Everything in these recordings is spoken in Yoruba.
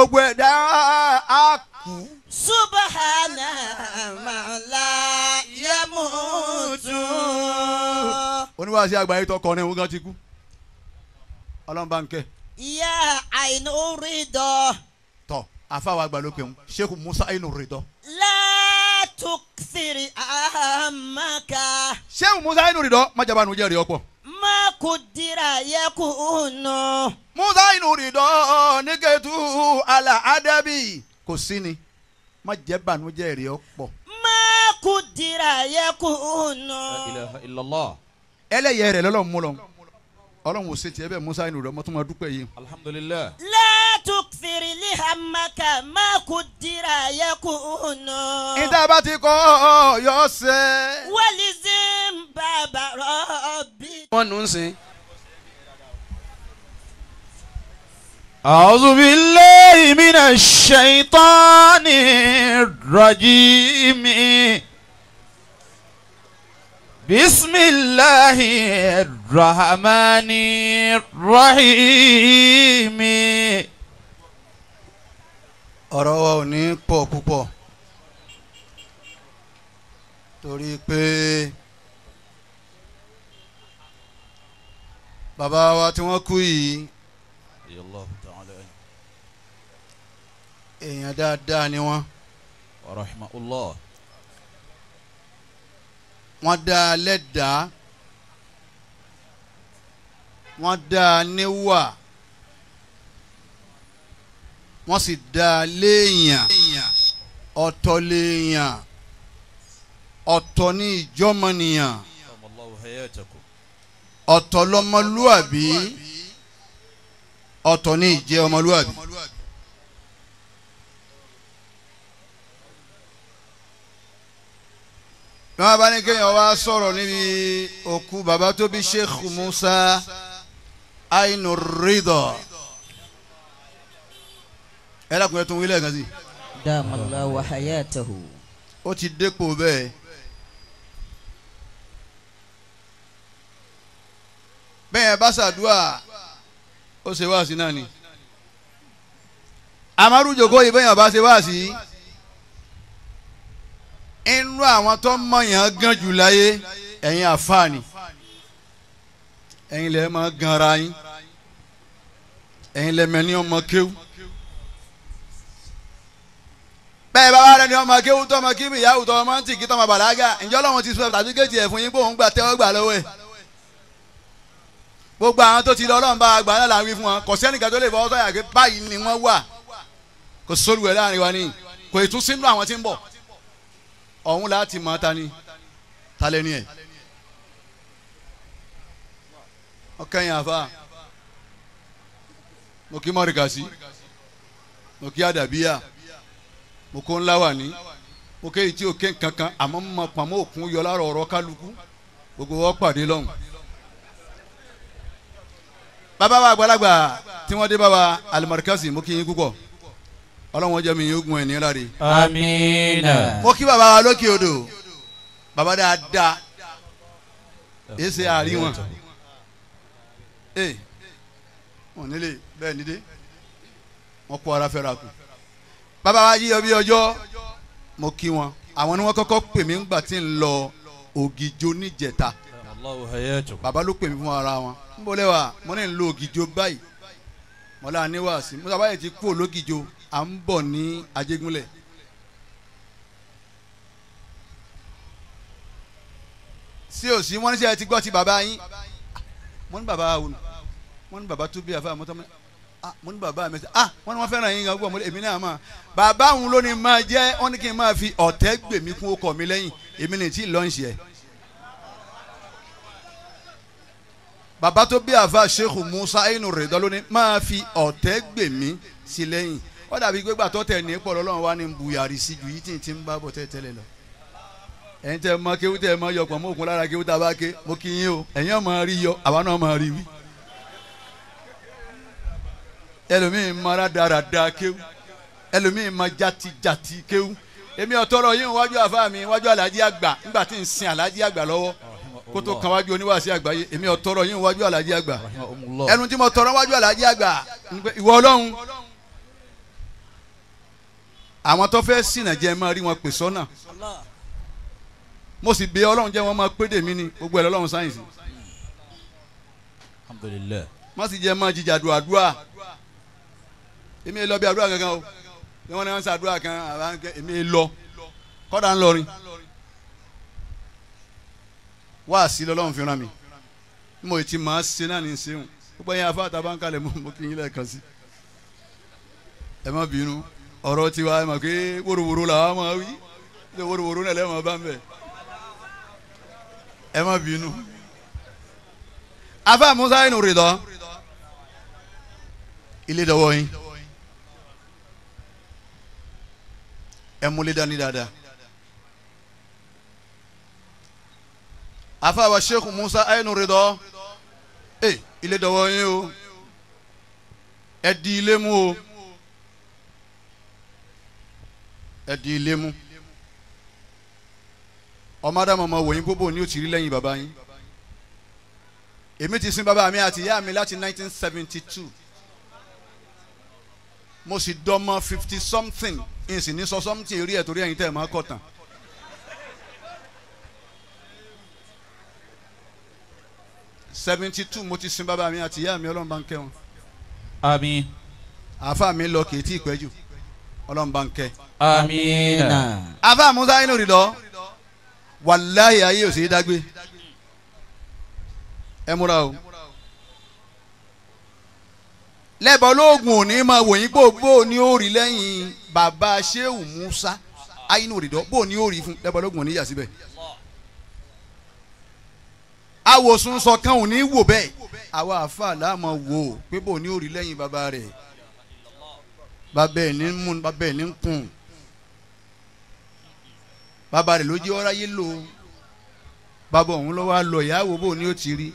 gbogbo ẹ̀dá á kú. subahana mala yamutu. oníwàásí àgbáyé tó kọrin òun gan ti kú ọlọ́run bá ń kẹ́. ìyá àìní orí dọ. tọ àfàwọn àgbà ló pè ń sheikh musa àìní orí dọ. látòkìsìrì àmàkà. sheikh musa àìní orí dọ májàbánu jẹ́rìí ọ̀pọ̀ ma kudira yakunu. musa inú rìndọ́ nígẹ̀tù àlà ádẹ́bì kò sí ni má jẹ́ bànújẹ́ rẹ̀ ọ́ pọ̀. ma kudira yakunu. illallah ẹlẹ́yẹ rẹ̀ lọ́lọ́ mú lọ ọlọ́run ò ṣe tiẹ̀ bẹ́ẹ̀ musa inú rẹ̀ ọmọ tó máa dúpẹ́ yìí. alhamdulilayi. látò fèrè lè ha maka má kò dira yẹ kó nù. ìta ti kọ́ ọ yọ ṣe. wọ́lì sí bàbá rọ́ọ̀bì. wọ́n nù ń sìn. أعوذ بالله من الشيطان الرجيم بسم الله الرحمن الرحيم ọ̀rọ̀ wa ò ní pọ̀ púpọ̀ torí pé bàbá wa tí wọ́n kú yìí èèyàn dáadáa ni wọ́n wọ́n dá a lẹ́dàá wọ́n dá a níwà wọ́n sì dá a léèyàn ọ̀tọ̀ léèyàn ọ̀tọ̀ ní ìjọ́mọnìyàn ọ̀tọ̀ lọ́mọlúàbí ọ̀tọ̀ ní ìjẹ́ ọmọlúàbí. náà bá ní kéèyàn wá sọ̀rọ̀ níbi òkú bàbá tó bí Sheikh Musa Ainu Ridha ẹ lákùnrin tó ń wílẹ̀ kan sí. dàmàlà wàhálà tẹ̀hù. ó ti dépò bẹ́ẹ̀. bẹ́ẹ̀ bá ṣàdúrà ó ṣe wáàsí náà ni. àmàrú jòkó yìí bẹ́ẹ̀ bá ṣe wáàsí inú àwọn tó mọ̀yàn gan jù láyé ẹ̀yin àfáàní ẹ̀yin lè máa ganra yín ẹ̀yin lè mẹ́ni ọmọ kéwú bẹ́ẹ̀ bá wà lẹ́ni ọmọ kéwú tó ọmọ kíbi ìyáwó tó ọmọ ntì kí tó ọmọ bàlágà ǹjọ́ lọ́wọ́n ti sọ sàtífíkẹ́tì ẹ̀ fún yín bóun gbà tẹ́wọ́ gbà lọ́wọ́ ẹ̀ gbogbo àwọn tó ti lọ ọlọ́run bá wa náà là fún wọn kò sẹ́nìkan tó lè fọwọ́ sọ̀yà ni wọ́n wà kò sóluwẹ̀ láàrin wa ni kò ọ̀hún láti mọ̀ ta ni ta lẹ́ni ẹ̀ ọkẹyìn àfa mo kí mọ̀rìkàsí mo kí àdàbíyà mo kó ńlá wà ní mo kéyìí tí o ké kankan àmọ́ mo pàmò òkun yọ lára ọ̀rọ̀ kálukú gbogbo wọn pàdé lọ́hùn. bàbá wa àgbàlagbà tí wọ́n dé bá wa alimarikasi mo kí yín púpọ̀ ọlọ́run ọjọ́ mi yóò gun ẹ̀ ní amiina. mo kí baba wa lókè odò baba dáadáa èsè àárín ee wọn nílé bẹ́ẹ̀ nílé wọn kó ara fẹ́ra kù baba wa yíyọ bí ọjọ́ mo kí wọn àwọn ni wọn kọ́kọ́ pè mí ńgbà tí ń lọ ògìjó níjẹta baba ló pè mí fún ara wọn n bọ́lẹ̀ wa mo ní ń lo ògìjó báyìí mọ̀lá níwàásí mo sábà yẹ ti kú ológìjó à ń bọ̀ ní Ajégúnlẹ̀. sí òsì wọn ṣe ti gbọ́ ti bàbá yín wọn ní bàbá àwọn wọn ní bàbá tó bí àfa àmọ́tọ́ mo ní bàbá mi ah wọn ni wọn fẹ́ràn yín gbọ́ èmi náà mà bàbá òun ló ní máa jẹ́ wọn ní kí n máa fi ọ̀tẹ̀ gbèmí kún ọkọ mi lẹ́yìn èmi ní tí lọ́ọ̀ṣì ẹ̀. bàbá tó bí àfa Sheikh Musa inú rẹ̀ dán máa fi ọ̀tẹ̀ gbèmí sí lẹ́yìn ó dàbí pé gbàtọ́ tẹ̀ ní pọ̀ lọ́lọ́run wá ní buyàrí sí ju yìí tí ti ń bá bọ̀ tẹ́ tẹ́lẹ̀ lọ. ẹ̀yin tẹ́ mọ kéwú tẹ́ mọ yọpọ̀ mọ òkun lára kéwú tá a bá ké mo kí yín o ẹ̀yin ọmọ rí yọ àwa náà máa rí wí. ẹlòmíín mara dáradára kéwú ẹlòmíín ma jatijati kéwú èmi ọ̀tọ́rọ̀ yín wájú àfa mi wájú alájí àgbà nígbà tí ń sin alájí àgbà lọ́wọ́ kó tó kan wájú oníwàásí àgbáyé èmi ọ̀tọ́rọ̀ yín wájú alájí àgbà ẹnu tí mo tọrọ wájú alájí àgbà ìwọ ọlọ́run àwọn tó fẹ́ ṣìnà jẹ́ máa rí wọn pè sọ́nà mo sì bẹ ọlọ́run jẹ́ wọn máa pédè mí ni gbogbo ẹ̀ lọ́lọ́run sáyẹ̀nsì alhamdulillah má sì jẹ́ máa jíjà àdúrà àdúrà èmi lọ bí àdúrà kankan o bí wọ́n ní wọ́n ń sàdúrà kan èmi lọ kọ́dà ńlọrin wá sí lọ́lọ́run fi ràn mí mo ti máa ṣe náà ní ṣeun gbogbo yẹn afáàtà bá ń kalẹ̀ mo kí yín lẹ́ẹ̀kan sí ẹ má bínú ọ̀rọ̀ tiwa ẹ̀ mọ̀ pé wòrowòro là á máa wí ṣe wòrowòro náà lẹ́mọ̀ bá ń bẹ̀ ẹ má bínú. afa musa inú rè dán ilé dọwọ́ yín ẹ múlé dání dáadáa. afa wa sheikh musa inú rè dán eh, ilé dọwọ́ yín o ẹ di ilé mú o. ẹ di ilé mú ọmọ adamu ọmọ wòyìn gbogbo ni o ti rí lẹ́yìn bàbá yín èmi ti sin bàbá mi àti ìyá mi láti 1972 mo sì dọmọ fifty something n sì ní sọ something rí ẹ̀ torí ẹ̀yin tẹ́ ẹ̀ máa kọ̀ tán. seventy two mo ti sin bàbá mi àti ìyá mi ọlọ́run bá ń kẹ́ wọn. àmín. àáfàá mi lọ kì í tí ì pẹ́ jù ọlọ́run bá ń kẹ́. amiina. afa musa inú rí lọ wàláyé ayé ò sí dágbé ẹ múra o lẹ́bọ̀ lóògùn òní máa wòyí gbogbo ní ó lẹ́yìn bàbá sheu musa ayinu rìdọ́ bó ní ó rí fún lẹ́bọ̀ lóògùn òní yà síbẹ̀ awòsùn sọ̀kan òní wò bẹ́ẹ̀ àwa àfa làá máa wò ó pé bó ní ó rí lẹ́yìn bàbá rẹ̀ bàbá ẹ̀ ní mú bàbá ẹ̀ ní kùn bàbá rẹ̀ ló jẹ́ ọ́rá yé lò bàbá òun lọ́wọ́ lọ ìyàwó bò ní ó ti rí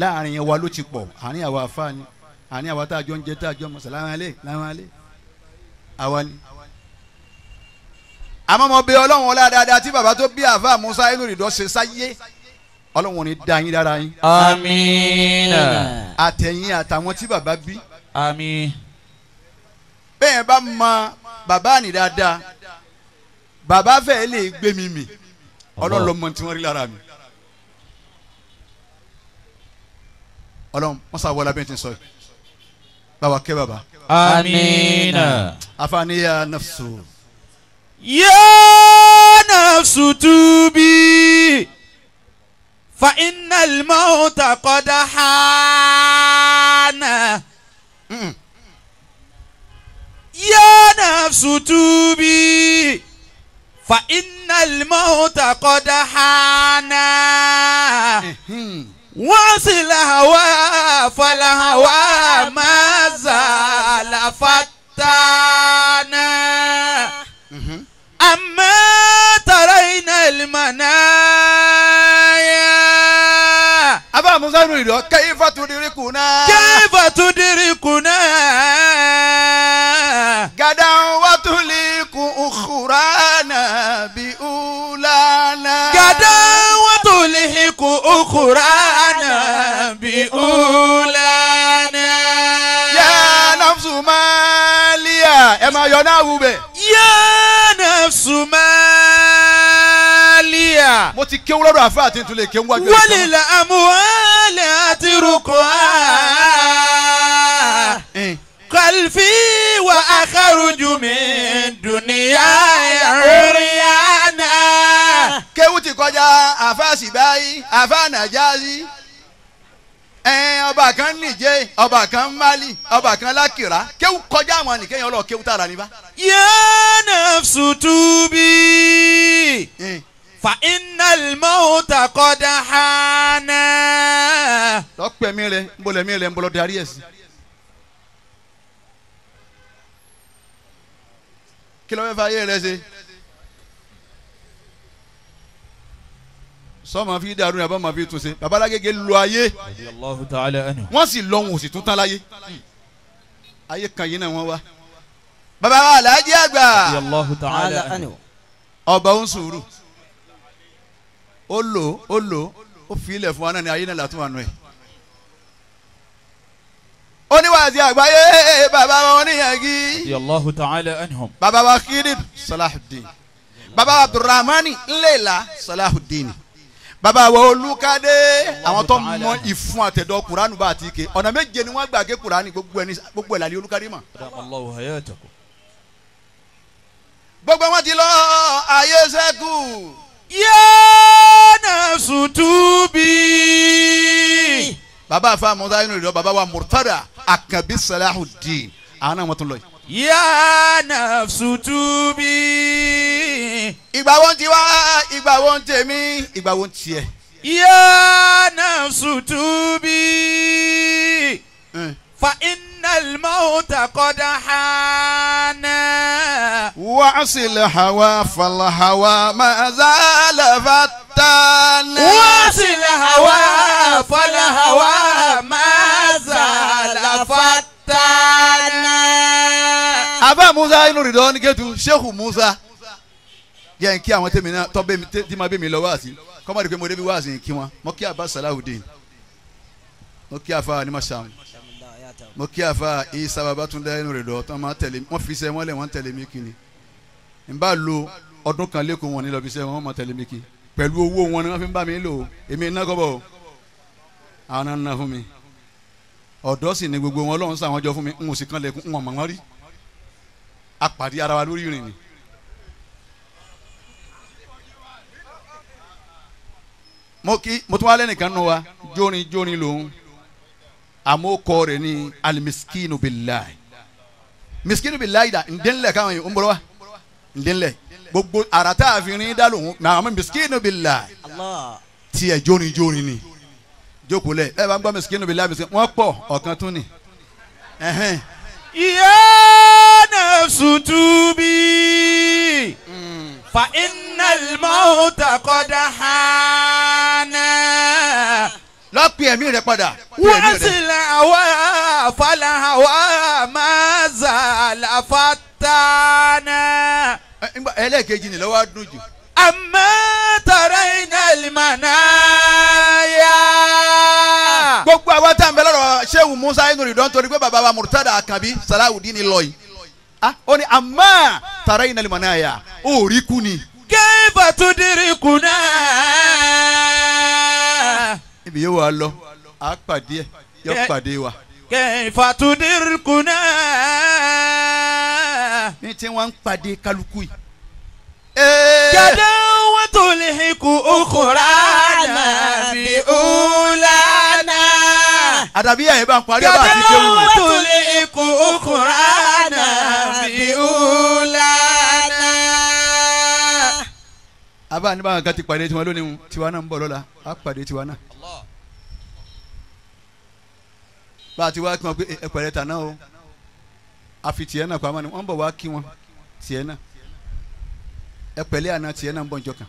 láàrin yẹn wa ló ti pọ̀ àárín àwa àfáàní àárín àwa tá a jọ ń jẹ tá a jọ ń mọ̀sá láwọn láwọn alẹ́ àwa ni. àmọ́ mo bẹ ọlọ́run ọlá dáadáa tí bàbá tó bí àfa Musa inú ìdọ́ ṣe sáyé ọlọ́run ni dá yín dára yín. àtẹ̀yìn àtàwọn tí bàbá bí bẹ́ẹ̀ bá mọ bàbá ni dáadáa bàbá fẹ́ lè gbé mi mì ọlọ́run ló mọ tí wọ́n rí lára mi. ọlọ́run wọ́n sá wọlé abẹ́yẹn sọ yìí bàbá kẹ́ bàbá. amiina. afaniya nafsu. ya nafsu tubi fa innal mawta qad hana. Ya nafsu tubi fa inna mauta qad hana wọ́n sì làwà fàlàwà máa zàlà fàtànà àmọ́ tọrọ iná ìlmọ̀nà yá. abá musa nù ìrọ̀ kẹ́yìn fọ́tún rírì kù القرآن بأولانا يا نفس مالية أما يناوب يا نفس مالية mo ti kéwú lọ́dọ̀ àfáà tí n tún lè kéwú wájú. wọ́lẹ̀ la amúhálẹ̀ àti rúkọ́ á. kàlfí wa akharuju min dunya ìrìn eh. àná. kéwú ti kọjá àfa sibayi ẹn ọba kan nìjẹ ọba kan mali ọba kan lakira kéwù kọjá àwọn nìkẹyìn ọlọ kéwù tààrà níbà. yẹ́n nafsu tubi fa innal mauta qad hana. lọ́pẹ̀ mi rẹ̀ ń bọ̀lẹ̀ mi rẹ̀ ń bọ̀lọ̀ darí ẹ̀ sí. kí ló fẹ́ fà ayé rẹ̀ ṣe. sọ́mọ fi dàrú ni àbámọ̀ fi tún ṣe babalágége lu ayé wọ́n sì lọ wọn ò tún tán láyé ayé kan yìí náà wọ́n wá. bàbá wa aláàjì ọba ń sùúrù ó lò ó lò ó fi ilẹ̀ fún wa náà ni ayé náà látún wà nù ẹ̀. oníwàásí àgbáyé bàbá wa oníyàgí bàbá wa kírib salahudin bàbá wa abdulrahmani ńlẹ́la salahudin bàbá wa olùkàdé àwọn tó mọ ìfun àtẹ̀dọ̀ kuranu bá àti ike ọ̀nà méje ni wọ́n gbà gé kurani gbogbo ẹni gbogbo ẹ̀làlí olùkàdé mà. gbogbo wọn ti lọ ayé sẹ́kù. yéèna sùtúbì. bàbá afa musa inú rẹ̀ bàbá wa murtada akabi salahuddin àwọn náà wọ́n tún lọ yìí yá nafsu tubi. ìgbà wo ń tiwa ìgbà wo ń tèmi ìgbà wo ń tiẹ̀. yá nafsu tubi. fa innal mawta qad hana. wa'sil hawa fal hawa ma zala fattana. wa'sil hawa fal hawa ma. àbá musa inú rìdọ́ ní gẹ́tù shehu musa yẹ n kí àwọn tèmi náà tọ́ bẹ́mi tí ma bẹ́mi lọ wáàsí kọ́mọ́ di pé mo débi wáàsí kí wọn mo kí àbá salahudeen mo kí àfa animasam mo kí àfa isa babatunde inú rìdọ́ tó máa tẹ̀lé wọ́n fi sẹ́ wọ́n lẹ̀ wọ́n tẹ̀lé mi kiri n bá lo ọdún kan lẹ́kọ̀ọ́ wọn ní lọ́bi sẹ́ wọ́n máa tẹ̀lé mi kiri pẹ̀lú owó wọn ni wọ́n fi bá mi lò èmi iná kọ́bọ̀ àwọn náà ń ná fún mi ọ̀dọ́ sì ni gbogbo wọn lọ́hún sàwọn jọ fún mi n ò sì kan lẹ́kùn n ò mọ̀ wọ́n rí apàdé ara wa lórí ìrìn ni. mo kí mo tún wá lẹ́nìkan nù wa jórin jórin lòun àmọ́ kọ́ rẹ̀ ní alimiskinu bilayi miskinu bilayi da ǹdẹ́nlẹ̀ káwọn yìí ń bọ̀rọ̀ wa ǹdẹ́nlẹ̀ gbogbo arata àfihàn dá lòun náà àmọ́ miskinu bilayi tiẹ̀ jórin jórin ni jókòó lẹ̀ ẹ bá ń gbọ́ miskinu bilayi miskinu wọ́n pọ̀ ọ̀kan tún ni. ìyá nafsu tubi fa innal mauta qad hana. lápẹ́ ẹ̀mí rẹ̀ padà. wọ́n sì là wá fàlà wá máa zà láfàtànà. ẹlẹ́ẹ̀kejì ni lọ́wọ́ á dùn jù. limana yá. gbogbo àwọn tá à ń bẹ lọ́rọ̀ Shehu Musa inú rìndọ́n torí pé bàbá wa Murtada Akabi Salawudeen lọ yìí. Ah, ó ní àmọ́ tààrà yìí nàlẹ́ mọ̀ náà yà ó rí kú ni. kébà tó dirí kù náà. ibi yóò wá lọ a pàdé ẹ yọ pàdé wa. kẹfà tó dirí kù náà. ní tí wọ́n ń pàdé kálukú yìí. Jade wọn tó lè hikú okòrá náà bí ọ̀la Àdàbí ẹ̀yìn bá ń parí ọba àti kéwù. Jade wọn tó lè hikú okòrá náà. abá ní báwọn kan ti pàdé tiwọn lónìí tiwa náà ń bọ̀ lọ́la á pàdé tiwa náà. bá a ti wá kí wọn pé ẹ pẹ̀lẹ́ tà náà o àfi tiẹ̀ náà pamọ́ ni wọ́n ń bọ̀ wá kí wọn tiẹ̀ náà ẹ pẹ̀lẹ́ àná tiẹ̀ náà ń bọ̀ njọ́ kan.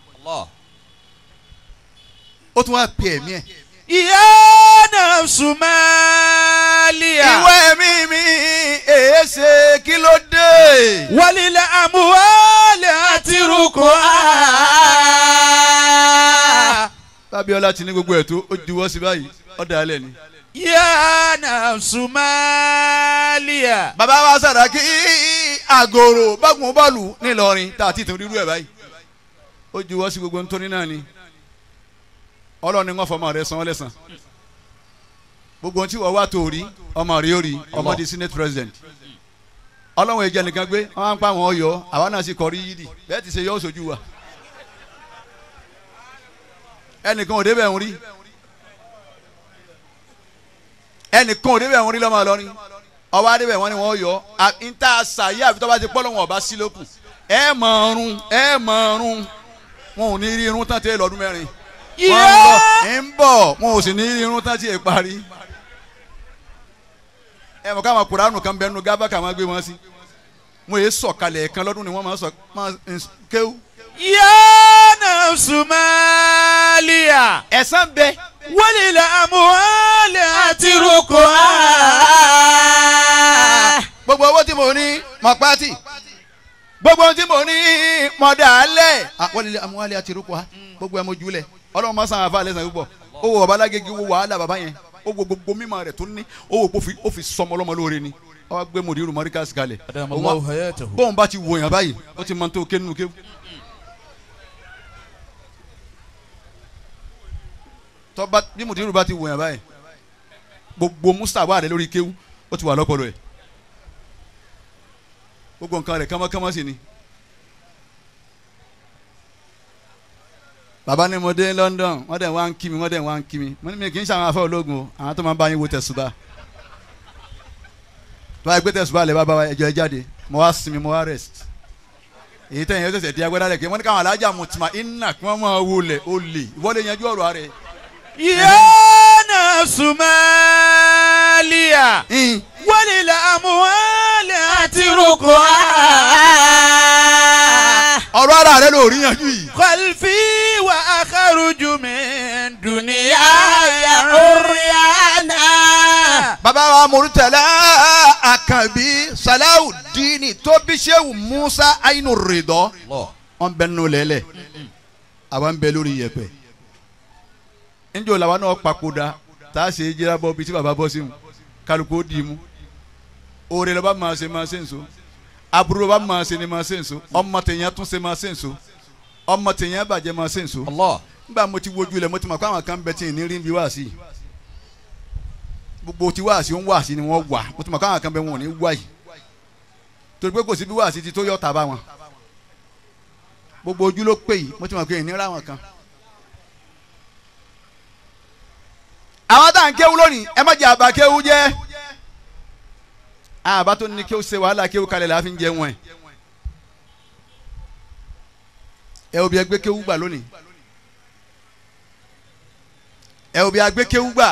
ó tún wá pè é mí ẹ̀. ìyá nafsu maliya. ìwé mi mi èyí ṣe kí ló dé. wàlílẹ̀ àmúwálẹ̀ àti rúkọ̀ á. Fábíọ́lá ti ní gbogbo ẹ̀ tó ó juwọ́ sí báyìí ó dà á lẹ̀ ni. yá nafsu maliya. bàbá wa Sàràkí àgòrò bágun bọ́ọ̀lù ńìlọrin tá a ti tún rírú ẹ̀ báyìí ó juwọ́ sí gbogbo ńtóní náà ni ọlọ́run ni fọmọ rẹ̀ san lẹ́sàn gbogbo ohun tí wọ́n wá tó rí ọmọ rí ó rí ọmọ di senate president ọlọ́run ẹ̀jẹ̀ nìkan gbé wọ́n máa ń pa àwọn ọyọ àwa náà sì kọrí yídì bẹ́ẹ̀ ti ṣe yọ òṣojú wa ẹnìkan ò débẹ̀ ń rí ẹnìkan ò débẹ̀ ń rí lọ́mọ lọ́rin ọwọ́ adébẹ̀ wọn ni wọ́n yọ n ta ṣàyè àfi tó ti pọ́lọ́wọ́n ọba sí lókù ẹ mọ̀ ọrùn ẹ mọ̀ ọrùn wọn ò ní rí irun tán tẹ́ lọ́dún mẹ́rin wọn ń bọ̀ wọn ò sì ní rí irun tán tí parí ẹ mọ̀ káwọn kuranu kan bẹ́ẹ̀ nu gábà káwọn gbé wọn sí wọn yé sọ̀kalẹ̀ kan lọ́dún ni wọ́n máa sọ máa kéwù. yánà sùmàlìyà. ẹ̀sán bẹ. wọ́n lè àmúhálẹ̀ àti roko á. gbogbo owó tí mo ní mọ̀ pátì gbogbo ohun tí mo ní mọ̀ dàálẹ̀. wọ́n lè àmúhálẹ̀ àti roko á gbogbo ẹ̀ mo jùlẹ̀ ọlọ́run máa san àfa àlẹ́ sàn púpọ̀ ó wọ ọ̀bá wo wàhálà bàbá yẹn ó wo gbogbo mímọ̀ rẹ̀ tó ní ó wo ó fi sọmọ lọ́mọ lóore ni ó wá gbé mòdìrú mọ́ríkàs kalẹ̀ bóun bá ti wòyàn báyìí ó ti mọ tó kéwù kéwù. tọ́ba bí mòdìrú bá ti wòyàn báyìí gbogbo mustapha rẹ lórí kéwù ó ti wà lọ́pọ̀lọ́ ẹ̀ gbogbo nǹkan rẹ̀ kánmọ́kánmọ́ sí ni Baba ni mo dé London wọ́n dẹ̀ wá ń kí mi wọ́n dẹ̀ wá ń kí mi mo ní mi kì í ṣàwọn afẹ́ ológun o àwọn tó máa ń bá yín wo tẹ̀sùbà tó gbé tẹ̀sùbà lè bá bá ẹjọ́ ẹ jáde mo wá sinmi mo wá rest èyí tẹ̀yìn ẹ̀sẹ̀ di agbẹ́dá rẹ̀ kí wọ́n ní káwọn alájà mu tìmá iná kí wọ́n máa wulẹ̀ olè ìwọ́lé yanjú ọ̀rọ̀ rẹ̀. yọ́nà sùmẹ́lìyà wọ́lé làmúhálẹ̀ àti rúkọ̀ọ́. ọ̀rọ̀ ara rẹ̀ ló rí yanjú yìí. Wa وأخرج من دنياي عريانا bàbá wa Murtala akabi Salaudeen diini tobi Ṣéwù Musa Ainu Rida wọn bẹ nínú lẹ́lẹ̀ àwọn ń bẹ lórí yẹ̀pẹ̀ níjọ́ làwọn náà papòdà tá a ṣe jíra bọ́ bí tí bàbá bọ́ mu kálukú ó dì í mu òòrè lọ́ba máa ṣe máa ṣe so àbúrò lọ́ba máa ni máa ṣe ń so ọmọ tèèyàn tún ṣe máa so ọmọ tèèyàn bàjẹ́ máa ṣe ń so nígbà mo ti wojú ilẹ̀ mo ti mọ̀ pé àwọn kan bẹ tí ì ní rí bí wá sí gbogbo tí wá sí ń wá sí ni wọ́n wà mo ti mọ̀ pé àwọn kan bẹ wọn ò ní wá yìí torí pé kò sí bí wá sí ti tó yọ̀ tàbá wọn gbogbo ojú ló pè yìí mo ti mọ̀ pé ìnira wọn kan. àwọn tá à ń kéwú lónìí ẹ má jẹ àbá kéwú jẹ àbá tó ní kéwú ṣe wàhálà kéwú kalẹ̀ la jẹ wọn ẹ̀. ẹ obi ẹgbẹ́ kéwú gbà lónìí ẹ obi ẹgbẹ́ kéwú gbà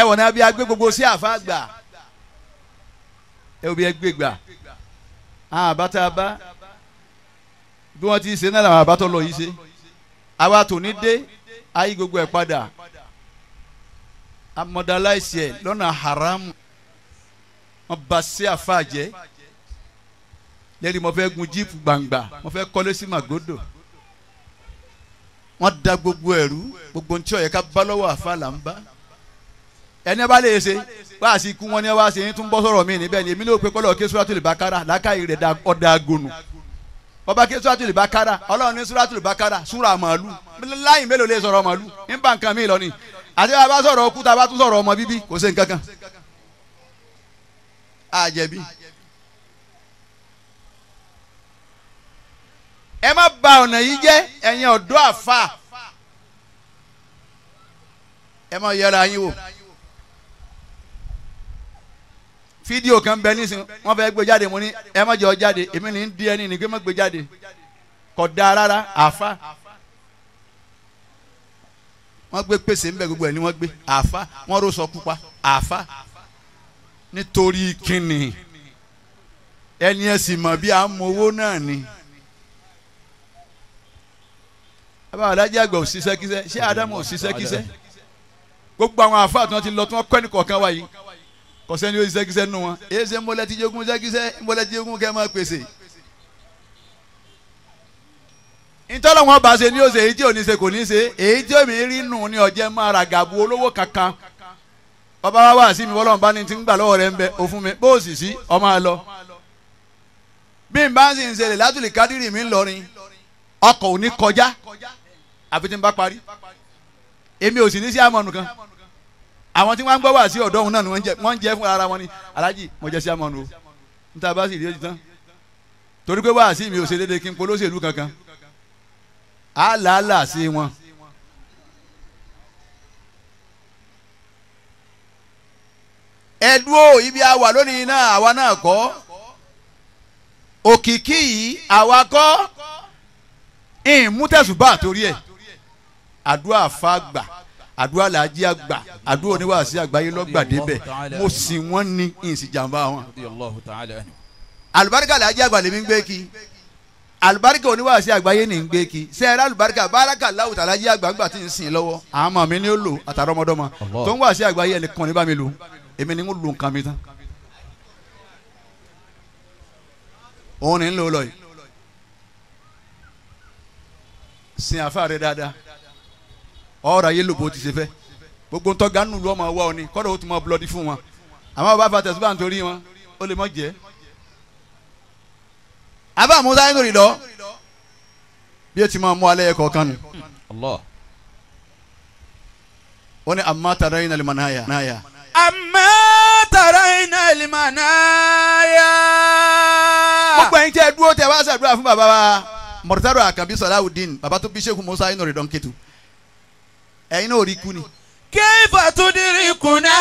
ẹ wọ̀n náà bí ẹgbẹ́ gbogbo sí àfa gbà ẹ obi ẹgbẹ́ gbà àbátá ba. bí wọ́n ti ṣe náà làwọn àbátá lọ yìí ṣe àwa tò ní dé ayé gbogbo ẹ̀ padà amọ̀dá láìsí ẹ̀ haram wọ́n ba sí àfa jẹ́ lẹ́yìn mo fẹ́ gun jíìpù gbangba mo fẹ́ kọ́lé sí Magodo wọ́n da gbogbo ẹ̀rú gbogbo ntí ọ̀yẹ́ ká bá lọ́wọ́ àfa là ń bá ẹni bá lè ṣe bá a sì wọn ni wá ṣe ń tún bọ́ sọ̀rọ̀ mi níbẹ̀ ni èmi náà pé kọ́lọ̀ kí Suratul Bakara lákàyè rẹ̀ ọ̀dà agonu ọba kí Suratul Bakara ọlọ́run ní Suratul Bakara súra màálù láyìn mélòó lè sọ̀rọ̀ màálù ń nǹkan mi lọ àti bá a bá sọ̀rọ̀ òkúta bá tún sọ̀rọ̀ ọmọ bíbí kò sí nǹkan kan àjẹbí. ẹ má ba ọ̀nà yìí jẹ́ ẹ̀yin ọ̀dọ́ àfa ẹ má yẹra yín wò fídíò kan bẹ nísìn wọn fẹ́ gbé jáde mo ní ẹ má jẹ́ jáde èmi ní di ẹni nìgbé má gbé jáde kò dáa rárá àfa wọn gbé pèsè ńbẹ gbogbo ẹ ni wọn gbé àfa wọn rò sọ pupa àfa nítorí kíni ẹni ẹ sì mọ̀ bí amowó náà ni. Àfa. àbá alájà àgbà òṣìṣẹ́ kíṣẹ́ ṣé Ádámù òṣìṣẹ́ kíṣẹ́ gbogbo àwọn àfa tí wọ́n ti lọ tí wọ́n kọ́ ẹnì kọ̀ọ̀kan wáyé kò sẹ́ni òṣìṣẹ́ kíṣẹ́ nù wọn èyí ṣe mọ́lẹ́ ti jogún ṣẹ́ kíṣẹ́ mọ́lẹ́ ti jogún kẹ́ máa pèsè. ìtọ́lọ̀ wọn bá ṣe ní òṣè èyí tí ò ní ṣe kò ní ṣe èyí tí òmí rí nù ní ọ̀jẹ̀ máa ra gàbu olówó kankan bàbá wa wà sí mi wọ́lọ́run bá ní ti ń gbà ọkọ̀ ò kọjá àfi tí n bá parí èmi ò sì ní sí àmọ́nù kan àwọn tí wọ́n ń gbọ́ wá sí ọ̀dọ́ òun náà ni wọ́n ń jẹ́ fún ara wọn ni alájì mo jẹ́ sí àmọ́nù o níta bá sì rí tán torí pé wá sí mi ò ṣe déédéé kí n polóṣèlú kankan á làálàá sí wọn. ẹdúró ibi àwa lónìí náà àwa náà kọ́ òkìkí yìí àwa kọ́ ìmútẹ̀sùbà torí ẹ̀ àdúrà àfa àgbà àdúrà làájí àgbà àdúrà oníwàásí àgbáyé lọ́gbà débẹ̀ mo sì wọ́n ní ìsìjàmbá wọn. àlùbáríkà làájí àgbà lèmi ń gbé kí àlùbáríkà oníwàásí àgbáyé ní ń gbé kí sẹ́ẹ̀rẹ́ àlùbáríkà báràkà láwùtà làájí àgbà ńgbà tí ń sìn lọ́wọ́ àmọ́ mi ni ó lò àtàrà ọmọdọ́mọ tó ń wàásí àgbáyé ẹ̀ kàn ní lò èmi ni mo lò nǹkan mi tán. òun ni ń lò lọ yìí sin àfa rẹ dáadáa ọ̀rọ̀ ayé lòbó ti ṣe fẹ́ gbogbo ntọ́ ganu lu ọmọ wa ọni kọ́dọ̀ ó ti mọ búlọ́dì fún wọn àmọ́ bàbá fa tẹ̀síbà nítorí wọn ó lè mọ jẹ́ àbá musa nítorí lọ bí o ti máa mú alẹ́ ẹ̀kọ́ kan nù. ó ní àmọ́ tàrà yín nàlìmọ̀ náà yà. àmọ́ tàrà yín nàlìmọ̀ náà gbogbo ẹ̀yin tí ẹ dúró tẹ wá ṣàdúrà fún bàbá wa mọ̀tàrọ̀ àkàbí sọ̀láwùdín bàbá tó bí sẹ́kù musa yín nàlìmọ̀ náà ẹ̀yin náà rí kú ni. kéèfà tó dirí kun náà.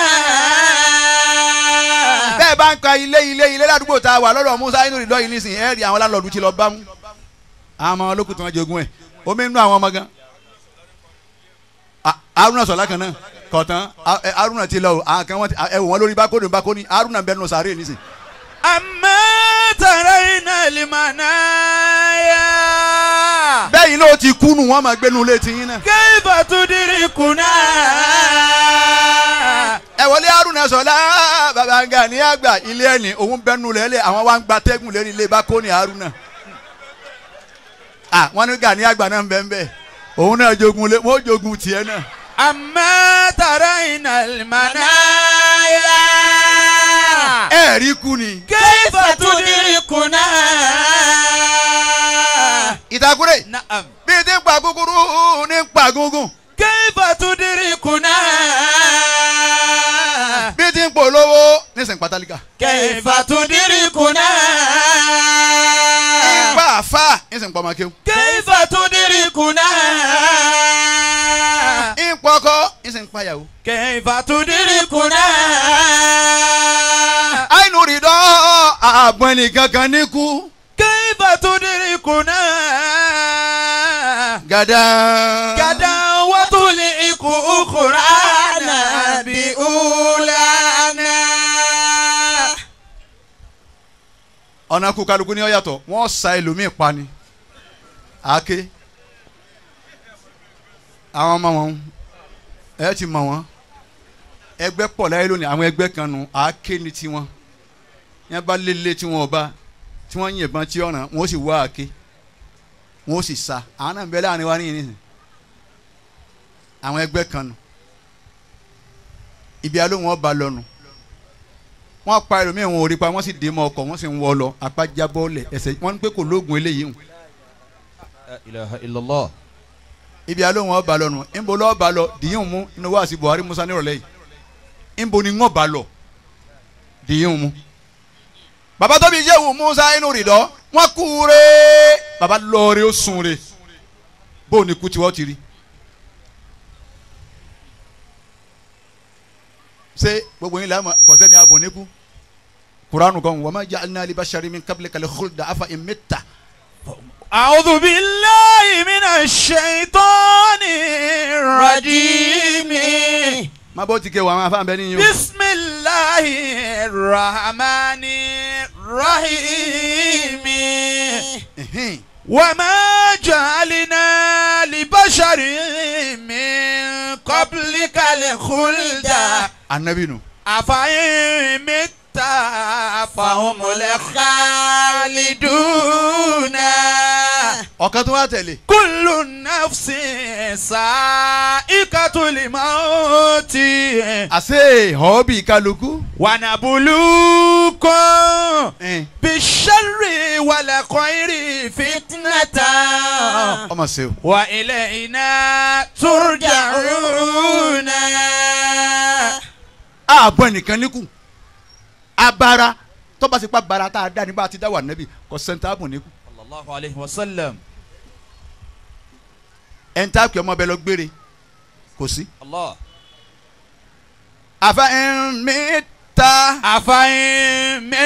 bẹ́ẹ̀ bá ń ka ilé ilé ilé ládùúgbò tá a wà lọ́dọ̀ musa inú ìlọ yìí nísìn ẹ̀ rí àwọn aláǹlọ́ọ̀dù ti lọ bá mú àwọn olókùn tí wọ́n jogún ẹ̀ omi nínú àwọn ọmọ gan. Haruna sọ̀lá kan náà kọ̀tán Haruna ti lọ o àwọn kan wọ́n ẹ̀ wò wọ́n lórí bákóni bákóni Haruna bẹ́ẹ̀ nù sàárè nísìn. àmọ́ tàrẹ́yìn àlìmọ̀náyà. bẹ́yìn náà ti kú nù wọ́n máa gbénu létí yín náà. kéèbà tún dirí kùnà. ẹ wọlé Haruna Sọlá babanga nga ní àgbà ilé ẹni òun bẹnu lẹ́lẹ̀ àwọn wa ń gba tẹ́gùn lẹ́ni ilé bá kó ní Haruna. à wọ́n ní Gani àgbà náà ń bẹ́ẹ̀ bẹ́ẹ̀ òun náà jogun jogun tiẹ̀ náà àmọ́ tàrà iná ìmọ̀nà yá. ẹ rí kú ni. kéfà tún ní kú náà. ìtakùrẹ́ bí ti ń pa gúgúrú ní pa gúngún. kéfà tún ní kú náà. bí ti ń polówó ní sìn pátálíkà. kéfà kọ́kọ́ ìsìn ń payà o. kẹ̀hìnfà tún dírí kùnà. àìnú rí dán àgbọn nìkan kan ní kú. kẹ̀hìnfà tún dírí kùnà. gàdá. gàdá wọ́n tún lè ikú kùnà nàbí ulana. ọ̀nà kú kálukú ni ó yàtọ̀ wọ́n sa ẹlòmíì pa ni àáké àwọn ọmọ wọn ẹ ti mọ̀ wọ́n ẹgbẹ́ pọ̀ láyé lónìí àwọn ẹgbẹ́ kan nu àáké ni tiwọn yẹn bá lélẹ̀ tí wọn ọba tí wọ́n yìnbọn tí ọ̀ràn wọn ó sì wá àáké wọn ó sì sa àwọn náà ń bẹ láàrin wa ní ìrìn àwọn ẹgbẹ́ kan nu ibi alóhùn ọba lọ́nu wọ́n pa ẹlòmíràn wọn ò rí pa wọ́n sì dé mọ́ ọkọ̀ wọ́n sì ń wọ́ lọ apá jábọ́ lẹ̀ ẹsẹ̀ wọ́n pé kò lóògùn eléyìí ilaha illallah ibi alóhùn ọba lọ nù ńbo lọ ọba lọ dìyìn mú inú wá sí Buhari Musa nírọ̀lẹ́ yìí ńbo ni ńwọ̀n ba lọ dìyìn mú. bàbá tóbi jẹ́wù Musa inú rìdọ́ wọ́n kú re bàbá lọ́ọ̀rẹ́ ó sun re bó o ní kú tiwọ́ ti rí. ṣé gbogbo yín lámà kọ́sẹ́ni abò ní kú kuranu kan wọ́n ma ja'alna li bashari min qablika kale khulda afa in mitta. أعوذ بالله من الشيطان الرجيم má bó ti ké wà máa fà bẹ́ẹ̀ níyìn o. bisimilahi rahmani rahimi. wàmà jàlínà libasari mi kọ́pìlìkàlẹ̀ kúlìdà. anabi nu. àfààyè mi ta fàwọn mọ̀lẹ́ kálí ọ̀kan tó wá tẹ̀lé. kúlù nafsin sa ikatuli máa ti. àṣé ọ̀ọ́bì kálukú. wànà bulú kan bíṣẹ́rì wàlẹ̀ kọ́ìrì fitnata. ọmọ ṣe o. wà ilẹ̀ iná turja'una. ààbọ̀ nìkan níkù abara tọ́ba ti pa bara tá a dá nígbà tí dáwà nẹ́bí kò sẹ́ńtà ààbọ̀ níkù. Allahu alayhi wa sallam ẹni tá a pè ọmọ bẹ lọ gbére kò sí. àfàìn mi ta. àfàìn mi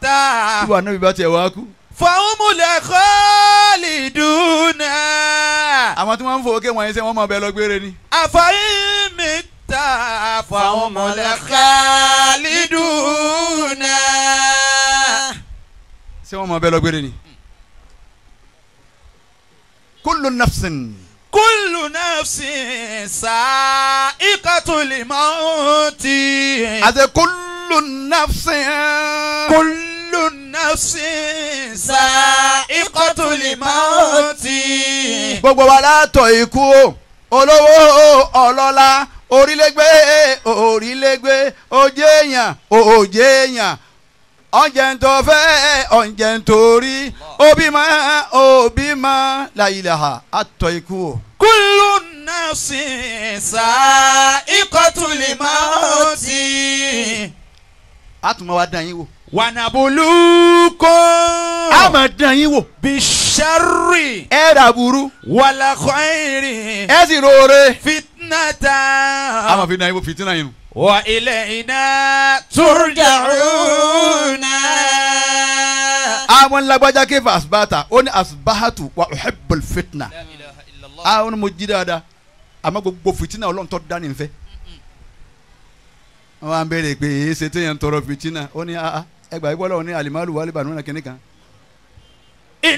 ta. ìwà náà bí bá tiẹ̀ wá kú. fọ́ọ̀mùlẹ̀ kọ́ọ̀lì dùnà. àwọn tí wọ́n ń fowó ké wọ́n yẹn sẹ́ wọ́n mọ̀ bẹ́ẹ̀ lọ gbére ni. àfàìn mi ta. fọ́ọ̀mùlẹ̀ kọ́ọ̀lì dùnà. sẹ́ wọ́n mọ̀ bẹ́ẹ̀ lọ gbére ni. Mm. kullu nafsin kúlù nafsin sa'iqatul mauti. àti kúlù nafsin. kúlù nafsin sa'iqatul mauti. gbogbo wa látọ̀ ikú o olówó ọlọ́lá orílẹ̀gbé orílẹ̀gbé ojé èèyàn ojé èèyàn ọ̀njẹ̀ ń tó fẹ́ ọ̀njẹ̀ ń torí òbí ma òbí ma la ilaha àtọ̀ ikú o. kúlù nọ́ọ̀sì sá ikọ̀tùlì máa ti. a tún ma wá dán yín wò. wànàbùlù kò. a ma dán yín wò. bisari. ẹ rà wàlàkọ́ ìrìn. ẹ sì rọrẹ. fitinata. a ma fi yín wò fitina yín nù. وإلينا ترجعون àwọn lágbájá kéfà asibata ó ní asbahatu wa uhibbul fitna àwọn mo jí dáadáa àmọ́ gbogbo fitina Ọlọ́run tó dání nfẹ́ wọn à ń bẹ̀rẹ̀ pé èyí ṣe téèyàn ń tọrọ fitina ó ní ẹgbàá ìbọ́lọ̀ ní alimalu alibanu náà kínní kan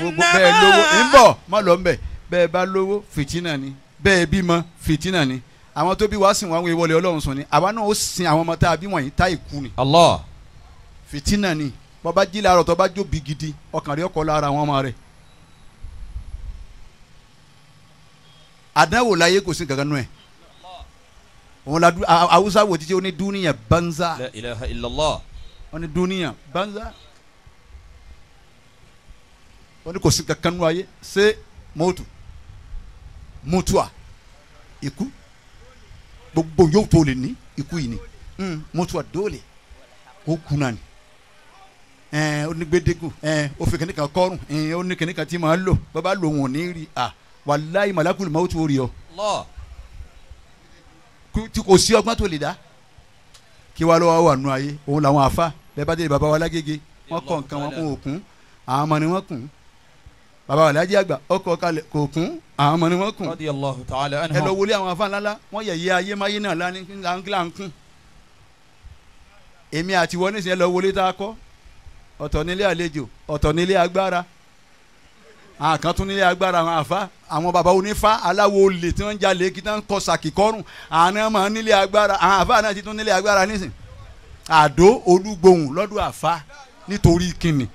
gbogbo bẹ́ẹ̀ lówó ń bọ̀ má lọ ń bẹ̀ bẹ́ẹ̀ bá lówó fitina ni bẹ́ẹ̀ bímọ fitina ni àwọn tó bí wàá sìn wọn wọlé ọlọ́run sùn ni àwa náà ó sin àwọn ọmọ tá a bí wọ̀nyí tá ìkú ni. Allah. fìtínà ni bọ́ba jí làárọ̀ tó bá jó bí gidi ọkàn rẹ̀ ọkọ̀ lára àwọn ọmọ rẹ̀. àdánwò láyé kò sí gangan ẹ̀ wọn la du awusa wo titi ó ní duniya banza. la ilaha illallah. ó ní duniya banza. ó ní kò sí kankan nù ayé ṣé mọ́tò mutua ikú gbogbo yóò tó lè ní ikú yìí ni mọ́tò hmm. àdóòlè ó kú náà ni ó ní gbẹdẹgùn ó fi kìnìkan kọrùn ó ní kìnìkan tí màá lò bàbá lò wọn ò ní rí a wàláyé màlákùlù máa tó rí ọ tí kò sí ọgbọ́n tó lè dá kí wàá lọ́wọ́ wà nù ayé òun làwọn àfa bẹ́ẹ̀ bá dé bàbá wa lágége wọ́n kọ̀ nǹkan wọn kún òkun àwọn ọmọ ni wọ́n kún baba alhaji àgbà ọkọ̀ kalẹ̀ kò kún àwọn ọmọ ni wọ́n kún ẹ lọ wọlé àwọn afáàlá la wọ́n yẹ̀ yẹ ayé máyé náà lánìí là ń kún èmi àti wọn nísìnyẹn lọ wọlé tá a kọ́ ọ̀tọ̀ nílé àlejò ọ̀tọ̀ nílé agbára àwọn kan tún nílé agbára àwọn àfa àwọn baba onífa aláwo olè tí wọ́n ń jalè kí wọ́n ń kọ sàkì kọ́rùn àwọn ọmọ nílé agbára àwọn àfa náà ti tún nílé agbára nísìn àdó olúgbòhùn lọ́dọ̀ àfa nítorí kìnnì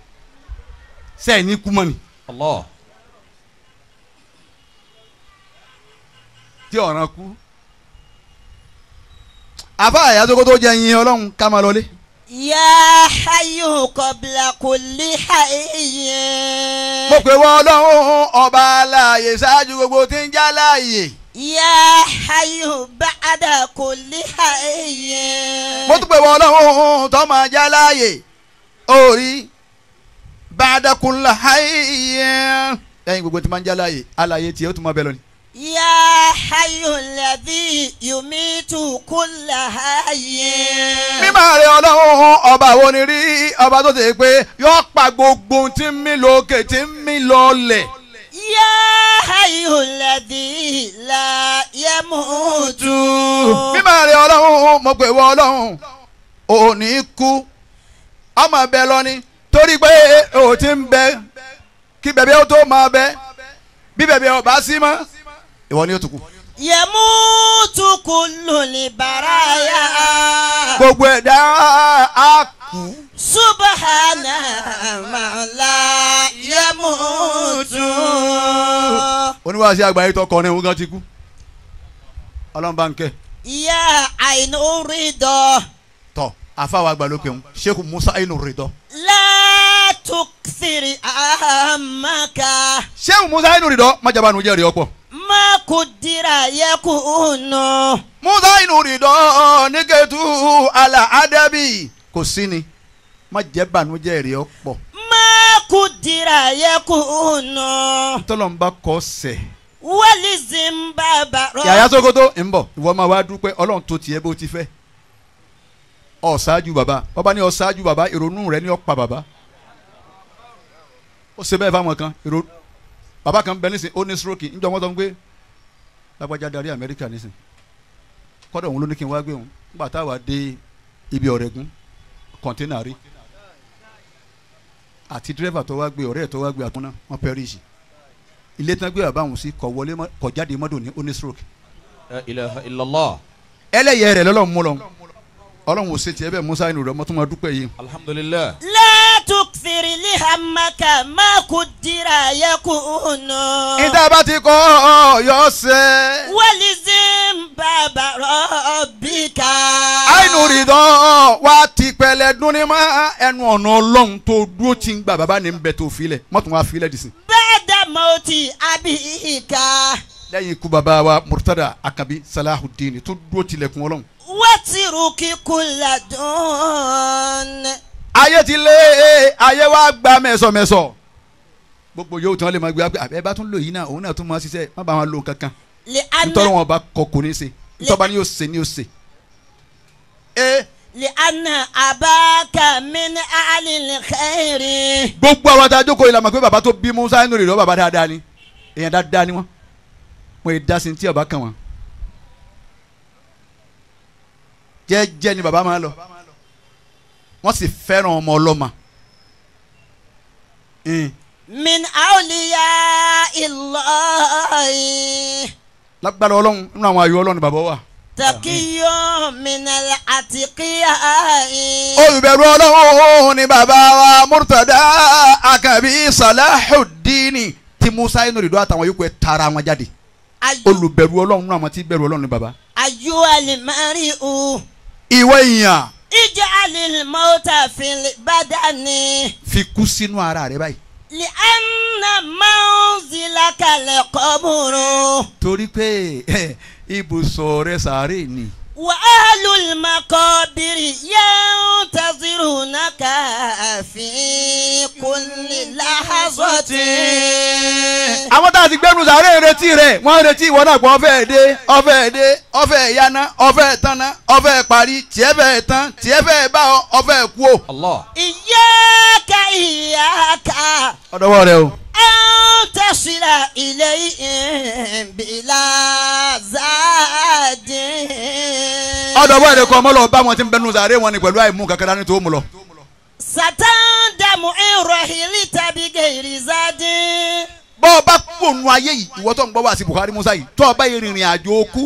sẹ́yìn ní kúmọ̀ Allah tí ọ̀ràn kú àfa àyàtò kó tó jẹ yin ọlọ́run ká máa lọlé. Ya hayyu qabla kulli hayyin. Mo pè wọ́n ọlọ́run ọba aláàyè ṣáájú gbogbo tí ń já láàyè. Ya hayyu ba'da kulli hayyin. Mo tún pè wọ́n ọlọ́run tó máa já láàyè. Orí bàdàkùnlá hayẹ. ẹyin gbogbo tí ma ń jẹ́ àlàyé àlàyé tiẹ̀ ó tún ma bẹ lónìí. Ya hayyul ladhi yumitu kulla haye. Mímọ̀ rẹ̀ ọlọ́run ọba wo ni rí ọba tó ṣe pé yóò pa gbogbo tí ń mí lókè tí ń mí lọlẹ̀. Ya hayyul ladhi la yamutu. Mímọ̀ rẹ̀ ọlọ́run mo pè wọ ọlọ́run òní kú ọmọ bẹ́ẹ̀ lọ ni torí pé o ti ń bẹ kí bẹbẹ ó tó máa bẹ bí bẹbẹ ọba sí mọ ìwọ ni ó tukù. yẹmú tukù lòlì bàrà yá. gbogbo ẹ̀dá á kú. subahana màlá yẹmú tún. oníwàásí àgbáyé tó kọrin òun ti kú ọlọ́run ìyá àìní orí dọ̀. tọ̀ àfàwọn àgbàlópẹ̀ ń sheikh musa ainu ridọ. látòkìsìrì Amaka. sheikh musa ainu ridọ májàbánu jẹ́ rí ọ̀pọ̀. má kò musa ainu ridọ nígẹ̀tù ala adabi kò sí ni má jẹ́ bànújẹ́ rí ọ̀pọ̀. má kò dira yẹ kó o nà. tọ́lọ́mùbá kọ́ sẹ̀ wọ́lì zimbabwe. yàyà sókótó ń bọ̀ ìwọ máa wá dúpẹ́ ọlọ́run tó bó ti fẹ́. ọ bàbá bàbá ọba ní ọ bàbá ìrònú rẹ ní ọ bàbá ó ṣe bẹ́ẹ̀ fáwọn kan ìrònú bàbá kan bẹ ó ní stroke níjọ wọn sọ pé lágbájá darí Amẹ́ríkà kọ́dọ̀ òun ní kí n wá gbé òun nígbà táwa dé ibi ọ̀rẹ́gún kọ̀ńténà rí àti dírẹ́fà tó wá gbé ọ̀rẹ́ tó wá gbé wọn ilé tán gbé bàbá wọlé kọjáde ní ọlọ́run ò ṣe tiẹ̀ bẹ́ẹ̀ musa inú rẹ̀ ọmọ tó máa dúpẹ́ yìí. alhamdulilayi. látò fèrè lè ha dira yẹ kó nù. ìdá bá ti kọ́ ọ yọ sẹ́. wọ́lì sí bàbá rọ̀bì ká. àìnú rìndọ́ wa ti pẹ̀lẹ́ dunni ma ẹnu ọ̀nà ọlọ́run tó dúró ti ń gbà bàbá ní bẹ̀ tó filẹ̀ mọ́tò wa filẹ̀ dì sí. bẹ́ẹ̀ dà mọ́ àbí ìka. lẹ́yìn ikú bàbá wa murtada akabi salahuddin tó dúró tilẹ̀kùn ọlọ́run wátìrúkì kúlà dùn. ayé ti lé ayé wa gba mẹ̀sọ̀mẹ̀sọ̀ gbogbo yóò tán lè máa gbé abẹ́ ah, bá tún lò yìí náà òun náà tún máa ṣiṣẹ́ má bàa lò kankan nítorí wọn bá kọ ní ṣe nítorí wọn yóò ṣe ni yóò ṣe. lè ana abaka min alil khairi. gbogbo àwọn tá a jókòó ìlànà pé bàbá tó bí musa inú rẹ̀ lọ bàbá dáadáa ni èèyàn dáadáa ni wọn wọn yìí dá sí ní tí ọba kan wọn. jẹ́jẹ́ ni bàbá máa lọ wọ́n sì fẹ́ràn ọmọ ọlọ́mọ. min awliya illahi. lágbára ọlọ́run nínú àwọn ayọ̀ ọlọ́run bàbá wa. takiyo minal atikiya. olùbẹ̀rù ọlọ́run ni bàbá wa murtada akabi salahudini ti musa inú rìndó àtàwọn yòókù ẹ̀ tara wọn jáde olùbẹ̀rù ọlọ́run nínú àwọn tí bẹ̀rù ọlọ́run ni bàbá. ayo alimari o ìwọ èèyàn. ìjà àlìmọ́ta bàdà ni. fi kú sínú ara rẹ báyìí. lè ana máa ń zila kalẹ̀ kọ́ bùrù. torí pé eh, ibùsọ̀ rẹ sàárè ni. وأهل المقابر ينتظرونك في كل لحظة. àwọn tá a ti gbẹ́nu sàárè retí rẹ̀ wọ́n retí ìwọ náà pé ọ̀fẹ́ dé ọ̀fẹ́ dé ọ̀fẹ́ yaná ọ̀fẹ́ tanná ọ̀fẹ́ parí tiẹ̀ fẹ́ tán tiẹ̀ fẹ́ bá ọ ọ̀fẹ́ kú o. ìyáka ìyáka. ọ̀dọ́wọ́ rẹ o. ẹ̀ ń tẹ̀síra ilé ìbílà. lọ́wọ́ ẹ̀rẹ́ kọ́ ọmọ bá wọn ti ń bẹnu sàárè wọn ni pẹ̀lú àìmú kankan dání tó mú lọ. satan dàmú ẹ̀rọ hìlì tàbí gèrè zádì. bọ́ ọ bá pònú ayé yìí ìwọ tó ń gbọ́ wá sí Buhari Musa yìí tó o bá yẹ rìnrìn àjò okú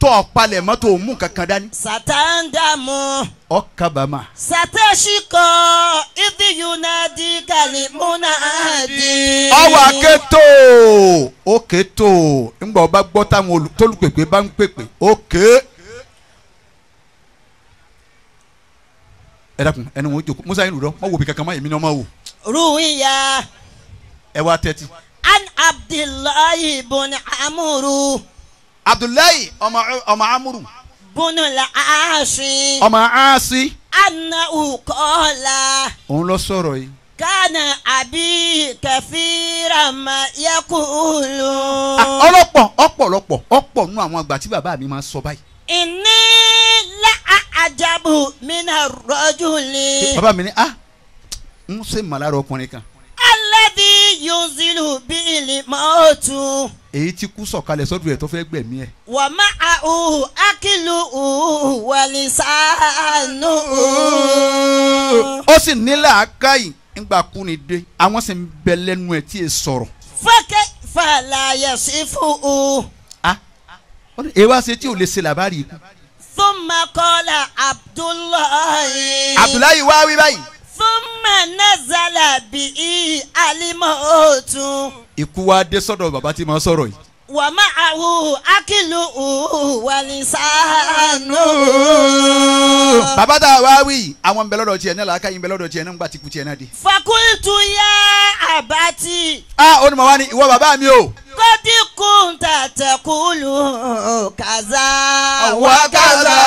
tó o palẹ̀ mọ́tò mú kankan dání. satan dàmú. ọ satan ṣìkọ ibi yunadi kàlí múnadi. ọwọ́ akéto ó kéto ńgbà ọba gbọ́ táwọn olùtólùpèpè bá ń pèpè ó kéé. ẹ dákun ẹni wọn musa yìí nù dọ mọ wo bí kankan má yẹ mí ni wọn má wò. ruwiya. ẹ wá tẹ́tí. an abdullahi bun amuru. abdullahi ọmọ ọmọ amuru. bunu la aasi. ọmọ aasi. anna ukola. òun lọ sọ̀rọ̀ yìí. kana abi kẹfìrà ma yakulu. Ah, ọlọ́pọ̀ ọ̀pọ̀lọpọ̀ ọ̀pọ̀ nù àwọn àgbà tí bàbá mi máa sọ báyìí. ìní ilé ajabu mina rọ́jú lé. bàbá mi ni a ah, ń ṣe màlára ọkùnrin kan. aládì yunzilu bíìlì mọ́ọ̀tù. èyí tí kú sọ̀kalẹ̀ sọ́dọ̀ ẹ̀ tó fẹ́ gbẹ̀mí ẹ̀. wà má a ò akílù ò wàlì sàánù. ó sì ní làákàyè ńgbà kú ni dé àwọn sì ń bẹ lẹ́nu ẹ̀ tí ì sọ̀rọ̀. fẹ́kẹ́ fàlàyé sí fún un. a ẹ wá tí ò lè ṣe làbárí ikú. Thumma qala Abdullahi. Abdullahi wá wí báyìí. Thumma nazala bihi alimotu. Ikú wa dé sọ́dọ̀ bàbá tí màá sọ̀rọ̀ yìí. Wa ma'ahu akilu walisanu. Bàbá tá a wá wí, àwọn bẹ lọ́dọ̀ tiẹ̀ náà làákà yín bẹ lọ́dọ̀ tiẹ̀ náà ń gbà tí kú tiẹ̀ náà di. Fakultu ya abati. A ó ní màá wá ìwọ bàbá mi o. Kọ́dí kun tàtẹ̀kùlù kàzá. Àwọn àzà.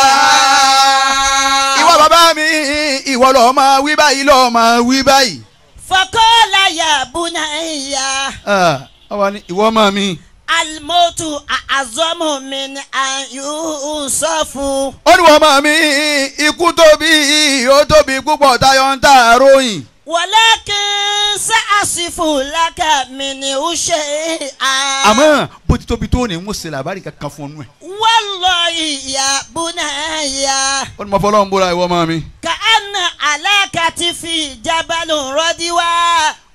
ìwọ bàbá mi ìwọ lọ máa wí báyìí lọ máa wí báyìí. fọkọ́lá yà bùnà ìyá. ọwọ́ ni ìwọ máa mi. Almotu àzọ́mù mi ni àyù sọ fún. ó ní wọ́n máa mi ikú tóbi ó tóbi púpọ̀ tayọ̀ ń tà àròyìn walakin ṣe àsìfò laka mi ni ó ṣe é. àmọ́ bó ti tóbi tó ní ń ṣe làbárí kankan fún un nù ẹ̀. wallahi ya bunaya. ó ní mo fọlọ́ ń bóra ìwọ ọmọ mi. ka'anna alaka ti fi jabalun rọ́dí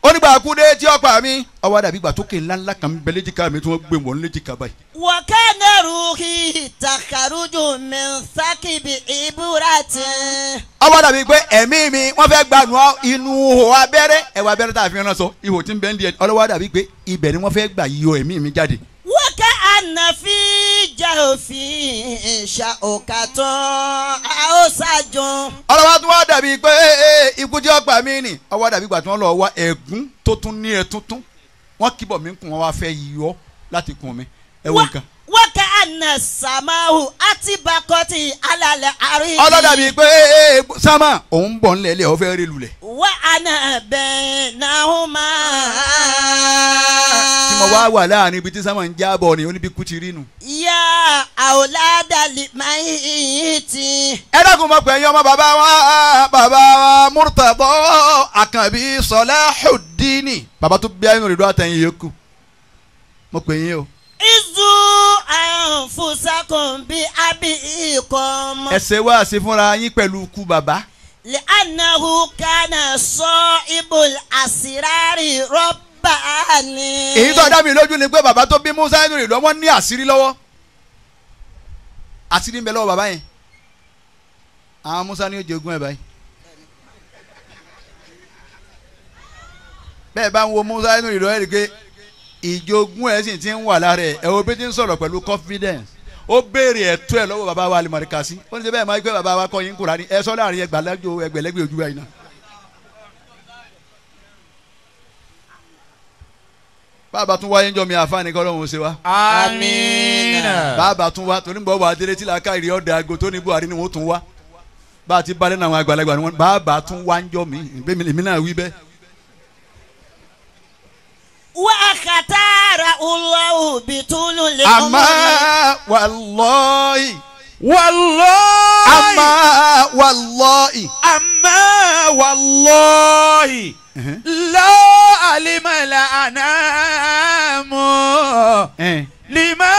ó nígbà kúndé tí ó pa mi ọwọ́ dàbí ìgbà tó kè ńláńlá kan bẹ léjìká mi tí wọ́n gbé wọn léjìká báyìí. wà á kẹ́nẹ̀ ruhi takaruju min sakibi iburati. ọwọ́ dàbí pé ẹ̀mí mi wọ́n fẹ́ gbanú inú ihò abẹ́rẹ́ ẹ̀wọ̀ abẹ́rẹ́ tá a fi rán sọ ihò tí ń bẹ́ẹ̀ ń di ẹ̀ ọlọ́wọ́ dàbí pé ibẹ̀ ni wọ́n fẹ́ gbà yọ ẹ̀mí mi jáde wọ́kẹ́ ànàfi jà òfin ṣà òkà tán a ó ṣàjùn. ọlọ́wọ́ tí wọ́n dàbí pé ikú tí wọ́n pa mí nì ọwọ́ dàbí ìgbà tí wọ́n lọ wá ẹ̀gún tó tún ní ẹ̀ tuntun wọ́n kíbọ̀ mí kún wọn wá fẹ́ yọ láti kún mi ẹ wo nǹkan wákà àna sàmáhù àti bàkọ́tì alàlẹ́ àrí. ọlọ́dà bíi pé sámà òun bọ̀ ń lẹ̀lẹ̀ ọ̀fẹ́ rẹ̀ lulẹ̀. wá àna bẹ́ẹ̀ náà ó máa. tí mo wá wà láàrin ibi tí sámà ń jábọ̀ ni oníbi kú ti rí nu. yá àwòládàlì máa ń yí ti. ẹ dákun mọ pé ẹyin ọmọ bàbá wa bàbá wa Murtada Àkànbí Salahuddin bàbá tó bí ayélujára àtẹ̀yìn yòókù mo pè yín o ìzù àǹfùsàkùn bí àbí ikọ̀ mọ́. ẹ wá sí fúnra yín pẹ̀lú ikú bàbá. lè anahu kana sọ ibùl àsìrárì rọ́bà ni. èyí tó dá lójú ni pé bàbá tó bí Musa nínú ìlú ọmọ ní àṣírí lọ́wọ́ àṣírí ń bẹ lọ́wọ́ bàbá yẹn àwọn Musa ni ó jogún ẹ̀ báyìí. bẹ́ẹ̀ bá ń wo Musa nínú ìlú ọmọ ẹ̀ rí i ìjogún ẹ̀ sì ti ń wà lára ẹ̀ ẹ̀ wo bí ti ń sọ̀rọ̀ pẹ̀lú confidence ó béèrè ẹ̀tọ́ ẹ̀ lọ́wọ́ bàbá wa alimarikasi ó ní sẹ́ bẹ́ẹ̀ máa ń gbé bàbá wa kọ́ yín Kùránì ẹ sọ láàrin ẹgbàlájò ẹgbẹ̀lẹ́gbẹ̀ ojú ẹ̀yìn náà. bàbá tún wáyé ń jọ mi àfáàní kọ́ lóhùn ṣe wa. amiina. bàbá tún wá torí gbọ́ wà á délé tí làákà ìrì ọ̀dà àgọ́ tó ní Buhari ni wọ́n tún wá bá a ti balẹ̀ náà àwọn àgbàlagbà ni wọ́n bàbá tún wá ń jọ mi èmi náà wí bẹ́ẹ̀ wà á kàtàrà ọlọ́wọ́ bìtúlù lè ọmọ rẹ. àmọ́ wàlọ́ọ̀yì. wàlọ́ọ̀yì. àmọ́ wàlọ́ọ̀yì. àmọ́ wàlọ́ọ̀yì. lọ́ọ́ àlìmọ̀lá àná mọ́ lima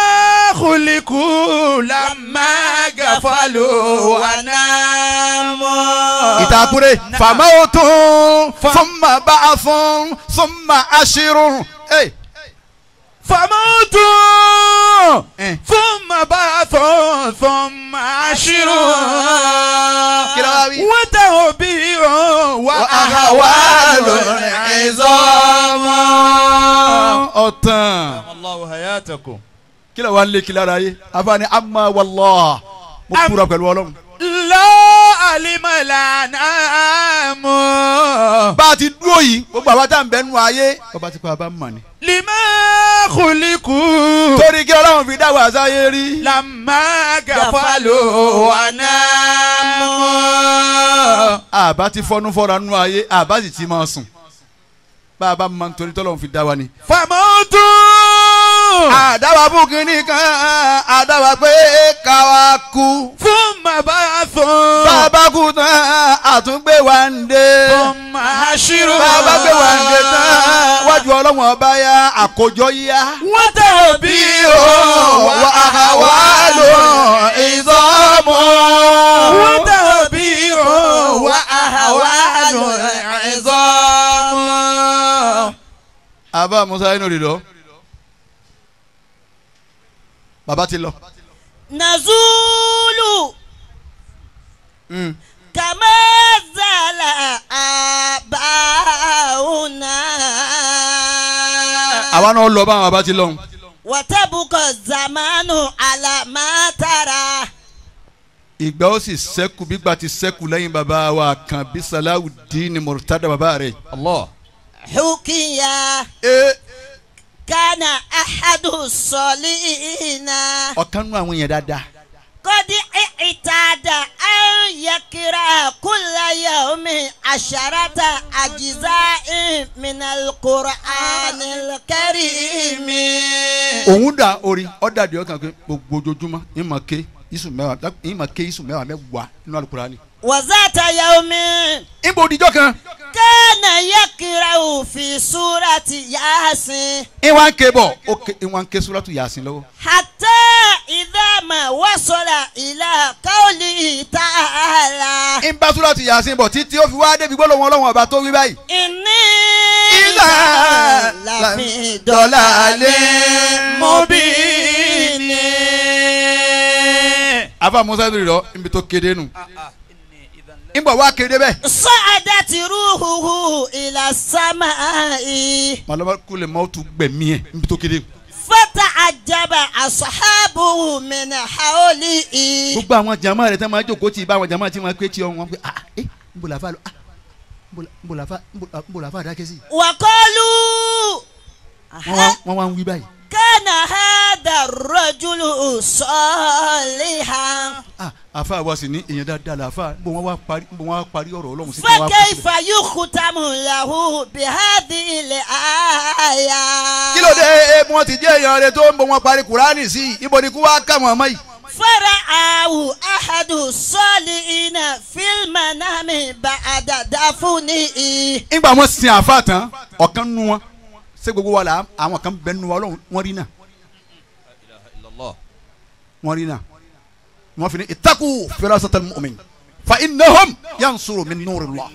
kuliku lama gafalo anamọ. ìtàkùrẹ́ fàmáwò tún fún ma bá a fún fún fàmọ́tò fún màbá fún fún màṣírò wọ́n tẹ̀ òbí wà àhàwà lórí ìzọ́mọ́. ọ̀tàn kí ló wà ń afaani amma wallah mo kúra pẹ̀lú ọlọ́run. lọ́ọ́ alimọ̀lànà mọ́. bá a ti dúró yìí gbogbo àwa tá à ń bẹ́nu ayé. bàbá ti pa àbá mọ̀ ni. limọ́ kùlíkù. torí kí ọlọ́run fi dá wa sáyé rí. làmá gàfàlò ànámọ́. àbá ti fọnú fọra nínú ayé àbá sì ti máa sùn bá a bá máa ń tọ́lọ́run fi dá wa ni. fàmọ́tún dùn. àdáwà fún kínní kan àdáwà pé káwa kú. fún bàbá fún. bàbá kú tán àtúngbé wa ń dé. fún màá ṣírò. bàbá gbé wa ń dé tán wájú ọlọ́wọ́n ọba ya àkójọ yá. wọ́n tẹ̀ bí o wà á wà lò wọ́n tẹ̀ bí o wà á wà lò ìsọmọ. musa inú rí lọ bàbá ti lọ. nazulu hmm. kamazala zàlà àbáwọnà. àwa náà lọ báwọn bàbá ti lọ. wàtẹ́bùkọ̀ zamanu alamatara. ìgbà ó sì sẹ́kù gbígbà ti sẹ́kù lẹ́yìn bàbá wa kan bisalawudin murtada bàbá rẹ̀. Allah. hukiya. ee. Eh kánà ahadu sọ̀lì iná. ọ̀kan nú àwọn yẹn dáadáa. kọ́dí ìtaada ẹ̀rùn yẹkira kúláyà omi àṣàràtà àjìzá ìmìnàlùkùrọ̀ ànilkẹ́rì mi. òun dà orí ọ̀dà di ọkàn gbogbo ojoojúmọ́ ìmọ̀ ké ìsùn mẹ́wàá ìmọ̀ ké ìsùn mẹ́wàá mẹ́wàá nínú àlùkùránì wàzáàtà yaomi. ibo òdìjọ́ kan. kẹ́nà yẹ́kìrẹ́ òfin súra ti yaasin. ìwà ń ké bọ̀ òkè ìwà ń ké súra ti yaasin lọ́wọ́. àtẹ ìdámà wọ́sọ̀rọ̀ ìlà káwọ́lì ta'ala. ń bá súra ti yaasin bọ̀ títí ó fi wá débi gbọ́dọ̀ wọn lọ́wọ́ ọba tó wí báyìí. ìní ìlà láfi dọ́là lé mọ́bí ni. afa musa ibi rọ tó kéde nù. Ah, ah ń bọ̀ wá kéde bẹ́ẹ̀. sọ ẹ̀dá ti rúhuhu ìlà sámà yìí. màlúbákú lè máa tún gbẹ̀mí ẹ̀ níbi tó kéde. fata àjàbà àṣàbù mẹ́nà haoli yìí. gbogbo àwọn jàmá rẹ̀ tẹ́ máa jókòó tì bá àwọn jàmá tí wọ́n pé tí wọ́n pé ah ẹ́ eh, ń bọ̀ làfà lọ ah ń bọ̀ làfà dákẹ́ sí. wàkọ́lù. wọ́n báyìí kana hada rọ́júlù sọ́ọ̀lìhà. àfa àwa sì ní èèyàn dáadáa la àfa bó wọn wá parí bó wọn wá parí ọ̀rọ̀ Ọlọ́run sí. fẹ́kẹ́ ìfàyú kùtàmù làwù bí hádì ilẹ̀ àyà. kí ló dé ebi wọn ti jẹ́ èèyàn rẹ tó ń bọ̀ wọn parí Kùránì sí i ibo ni kú wá kà wọ́n mọ́ yìí. fara awu ahadu sọ́ọ̀lì iná fílmà náà mi bá àdàdà fún ni. ìgbà wọn sin àfa tán ọ̀kan nu wọn ṣé gbogbo wa la àwọn kan bẹ nínú wa Ọlọ́run wọn rí náà wọn rí náà wọn fi ní ittaqu firasatal mu'min fa innahum yansuru min nurillah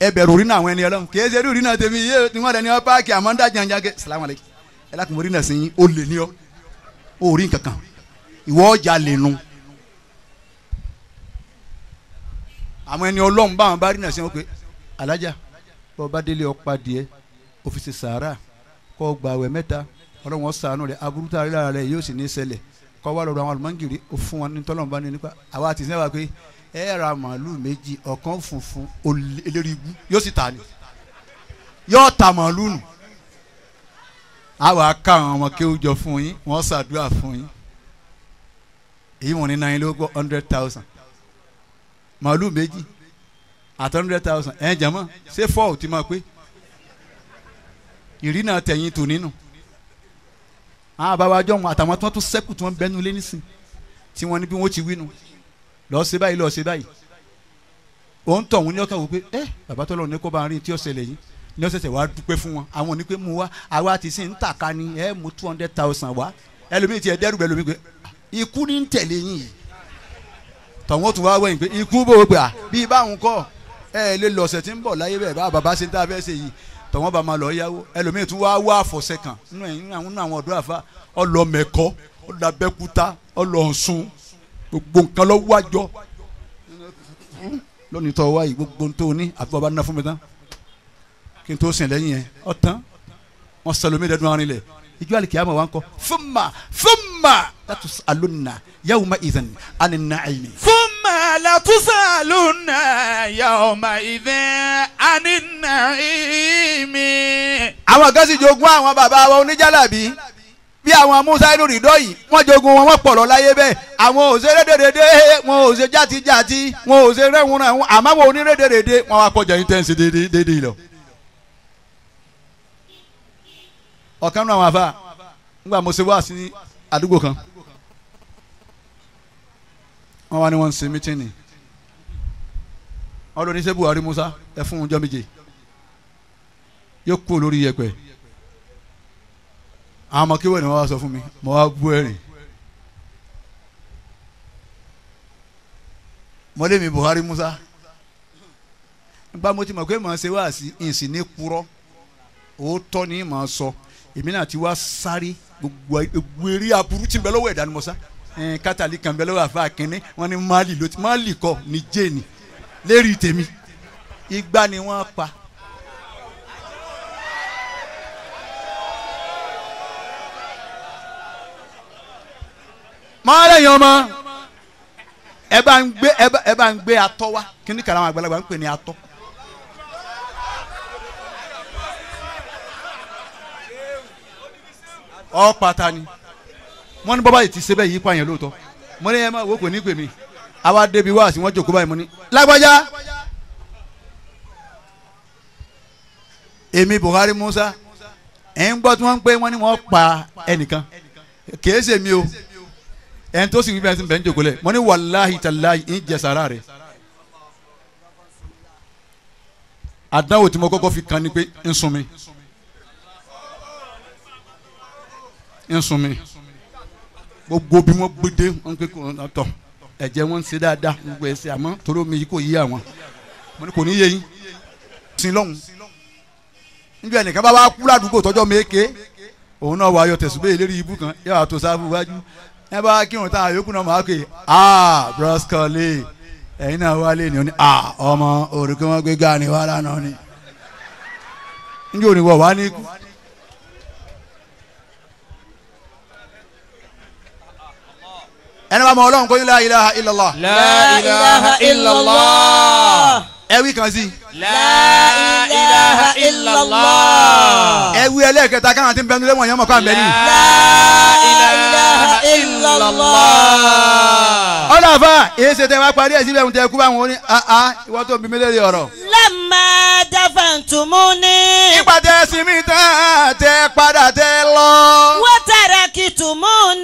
ẹ bẹ̀rù rí náà àwọn ẹni Ọlọ́run kì í ṣe rí náà tèmi yé ni wọn rẹ ni wọn páàkì àmọ́ ń dá jàǹjà kẹ salamu alaykum ẹ lákùnrin rí náà sìn ó lè ní ọ ó rí kankan ìwọ ọjà lè nu àwọn ẹni Ọlọ́run báwọn bá rí náà sìn ó pé alájà bọ́ọ̀ bá délé ọ pa díẹ̀ ó fi ṣe sàárà kó gbààwẹ̀ mẹ́ta ọlọ́run ṣàánú rẹ̀ aburú tá a rí lára rẹ̀ yóò sì ní ṣẹlẹ̀ kó wá lọ́dọ̀ àwọn àlùmọ́ngìrì ó fún wọn ní tọ́lọ́mùbá ní nípa àwa àti sẹ́wà pé ẹ ra màálù méjì ọ̀kan funfun eléri yóò sì tà ní yóò tà màálù nù àwa ká àwọn ọmọ kéwù jọ fún yín wọ́n ṣàdúrà fún yín èyí wọn ní náírà ló gbọ́ hundred thousand màálù méjì àti hundred thousand ẹ̀ jẹ́ mọ́ ṣé fọ́ọ̀ ti máa pé ìrìnà tẹ̀yìn tò nínú àwọn bàbá àjọ wọn àtàwọn tó tún sẹ́kù tó ń bẹnu lé nísìn tí wọ́n ní bí wọ́n ti wí nu lọ́ọ́ ṣe báyìí lọ́ọ́ ṣe báyìí òun tọ̀ òun ní ọkàn wò pé ẹ eh, bàbá tó lọ́ọ́ ní kó bá rìn tí ó ṣẹlẹ̀ yìí ní ó ṣẹ̀ṣẹ̀ wá dúpẹ́ fún wọn àwọn ní pé mu wá àwa ti sìn ń tàka ni ẹ eh, mú two hundred thousand wá ẹlòmíì tiẹ̀ dẹ́rù bẹ́ẹ̀ lómi pé ah, ikú ní ń tẹ̀lé yín yìí tọ̀wọ́n tún wá wẹ̀yìn pé ikú bò ó gbà bíi báwọn kọ́ ẹ lè lọ̀sẹ̀ tí ń bọ̀ láyé bẹ́ẹ̀ bá bàbá ṣe ń tá fẹ́ ṣe yìí tọ̀wọ́n bá máa lọ yáwó ẹlòmíì tún wáá wá àfọ̀sẹ̀ kan nínú àwọn ọ̀dọ́ àfa ọlọ́mẹ̀kọ́ ọlọ́abẹ́kúta ọlọ́ọ̀sùn gbogbo nǹkan lọ wájọ lónìí tọ́ wáyé gbogbo tó ní àti bàbá ná fún mi tán kí n tó sìn lẹ́yìn yẹn ọ̀tán wọn sẹlómi dẹdun arin lẹ ijó alikiyama wa ń kọ fúnma fúnma látò alónìna yawma idhan ani na'imi. fún لتسألن يومئذ عن النعيم. àwọn kan sì jogún àwọn bàbá wa oníjàlábí bí àwọn musa inú rìndọ́ yìí wọ́n jogun wọn wọ́n pọ̀rọ̀ láyé bẹ́ẹ̀ àwọn ò ṣe rédèrèdè wọn ò ṣe játijàti wọn ò ṣe rẹ́wọ̀nrẹ́ wọn àmọ́ wọn ò ní rédèrèdè wọn wá kọjá yín déédéé lọ. ọ̀kan náà àwọn àfa ńgbà mo ṣe wá sí àdúgbò kan wọ́n wá ní wọ́n ń sin mítìnì wọ́n lọ ní sẹ́ Buhari Musa ẹ fún un jọ́ méje yóò kú olórí yẹpẹ àwọn ọmọ kéwàá ni wọ́n wá sọ fún mi mo wá bú ẹ̀rìn mọ́lẹ́mi Buhari Musa nígbà mo ti mọ̀ pé màá ṣe wá sí ìsìn ní purọ́ òótọ́ ni màá sọ èmi náà ti wá sáré gbogbo eré aburú ti bẹ lọ́wọ́ ẹ̀dá kátàlí kan bẹ́ẹ̀ lọ́wọ́ àfa kínní wọ́n mali ló ti mali kọ́ ní jẹ́ni lérí tèmi igba ni wọ́n pa. mọ́lẹ̀ yẹn ọmọ ẹ bá ń gbé ẹ bá ń gbé atọ́ wa kí ni kàrà àwọn àgbàlagbà ń pè ní atọ́. ọ pata ni wọ́n ní bọ́bá yìí ti ṣe bẹ́ẹ̀ yí pa yẹn lóòótọ́ mo ní ẹ máa wò kò ní pè mí àwa débi wá sí wọ́n jòkó báyìí mo ní lágbájá èmi Buhari Musa ẹ̀ ń gbọ́ tí wọ́n ń pé wọ́n ní wọ́n pa ẹnìkan kìí ṣe mi o ẹ̀ ń tó sì wí bẹ́ẹ̀ sí bẹ́ẹ̀ ń jòkó lẹ̀ mo ní wàláhi tàláhi ń jẹ sàrà rẹ̀ àdánwò tí mo kọ́kọ́ fi kan ni pé ń sun mi ń sun mi gbogbo bí wọ́n gbé dé kò tọ̀ ẹ̀jẹ̀ wọn ń ṣe dáadáa gbogbo ẹ̀ṣẹ̀ àmọ́ torí omi kò yí àwọn mo ní kò ní yé yín sin lọ́hùn níbi ẹnìkan bá wá kú ládùúgbò tọjọ́ méke òun náà wà ayọ̀ tẹ̀sùbẹ́ ìlérí ibú kan yà wà tó sáfù wájú ẹ bá kírun táwọn àyókù náà máa pè ah broscoli ẹ̀yin náà wálé ni ó ní ah ọmọ òrùkí wọn gbé gani wàhálà náà ni níbi òní wọ̀ wá ní kú ẹni bá mọ ọlọ́run kó ní la ilaha illallah. la ilaha illallah. ẹ wí kan sí. la ilaha illallah. ẹ wí ẹlẹ́ẹ̀kẹta káwọn ti ń bẹnu lẹ́wọ̀n yẹn mọ̀ kó à ń bẹ ní. la ilaha illallah. ọlọ́fà èyí ṣe tẹ́ wá parí ẹ̀ síbẹ̀ ń tẹ́ kú báwọn oní àá ah, ah, ìwọ́n tó bí mi léèrè ọ̀rọ̀. lẹ́mà dáfà tùmú ni. ìpàdé sinmi tán tẹ padà tẹ lọ. wọ́n tẹ̀rẹ̀ kì ni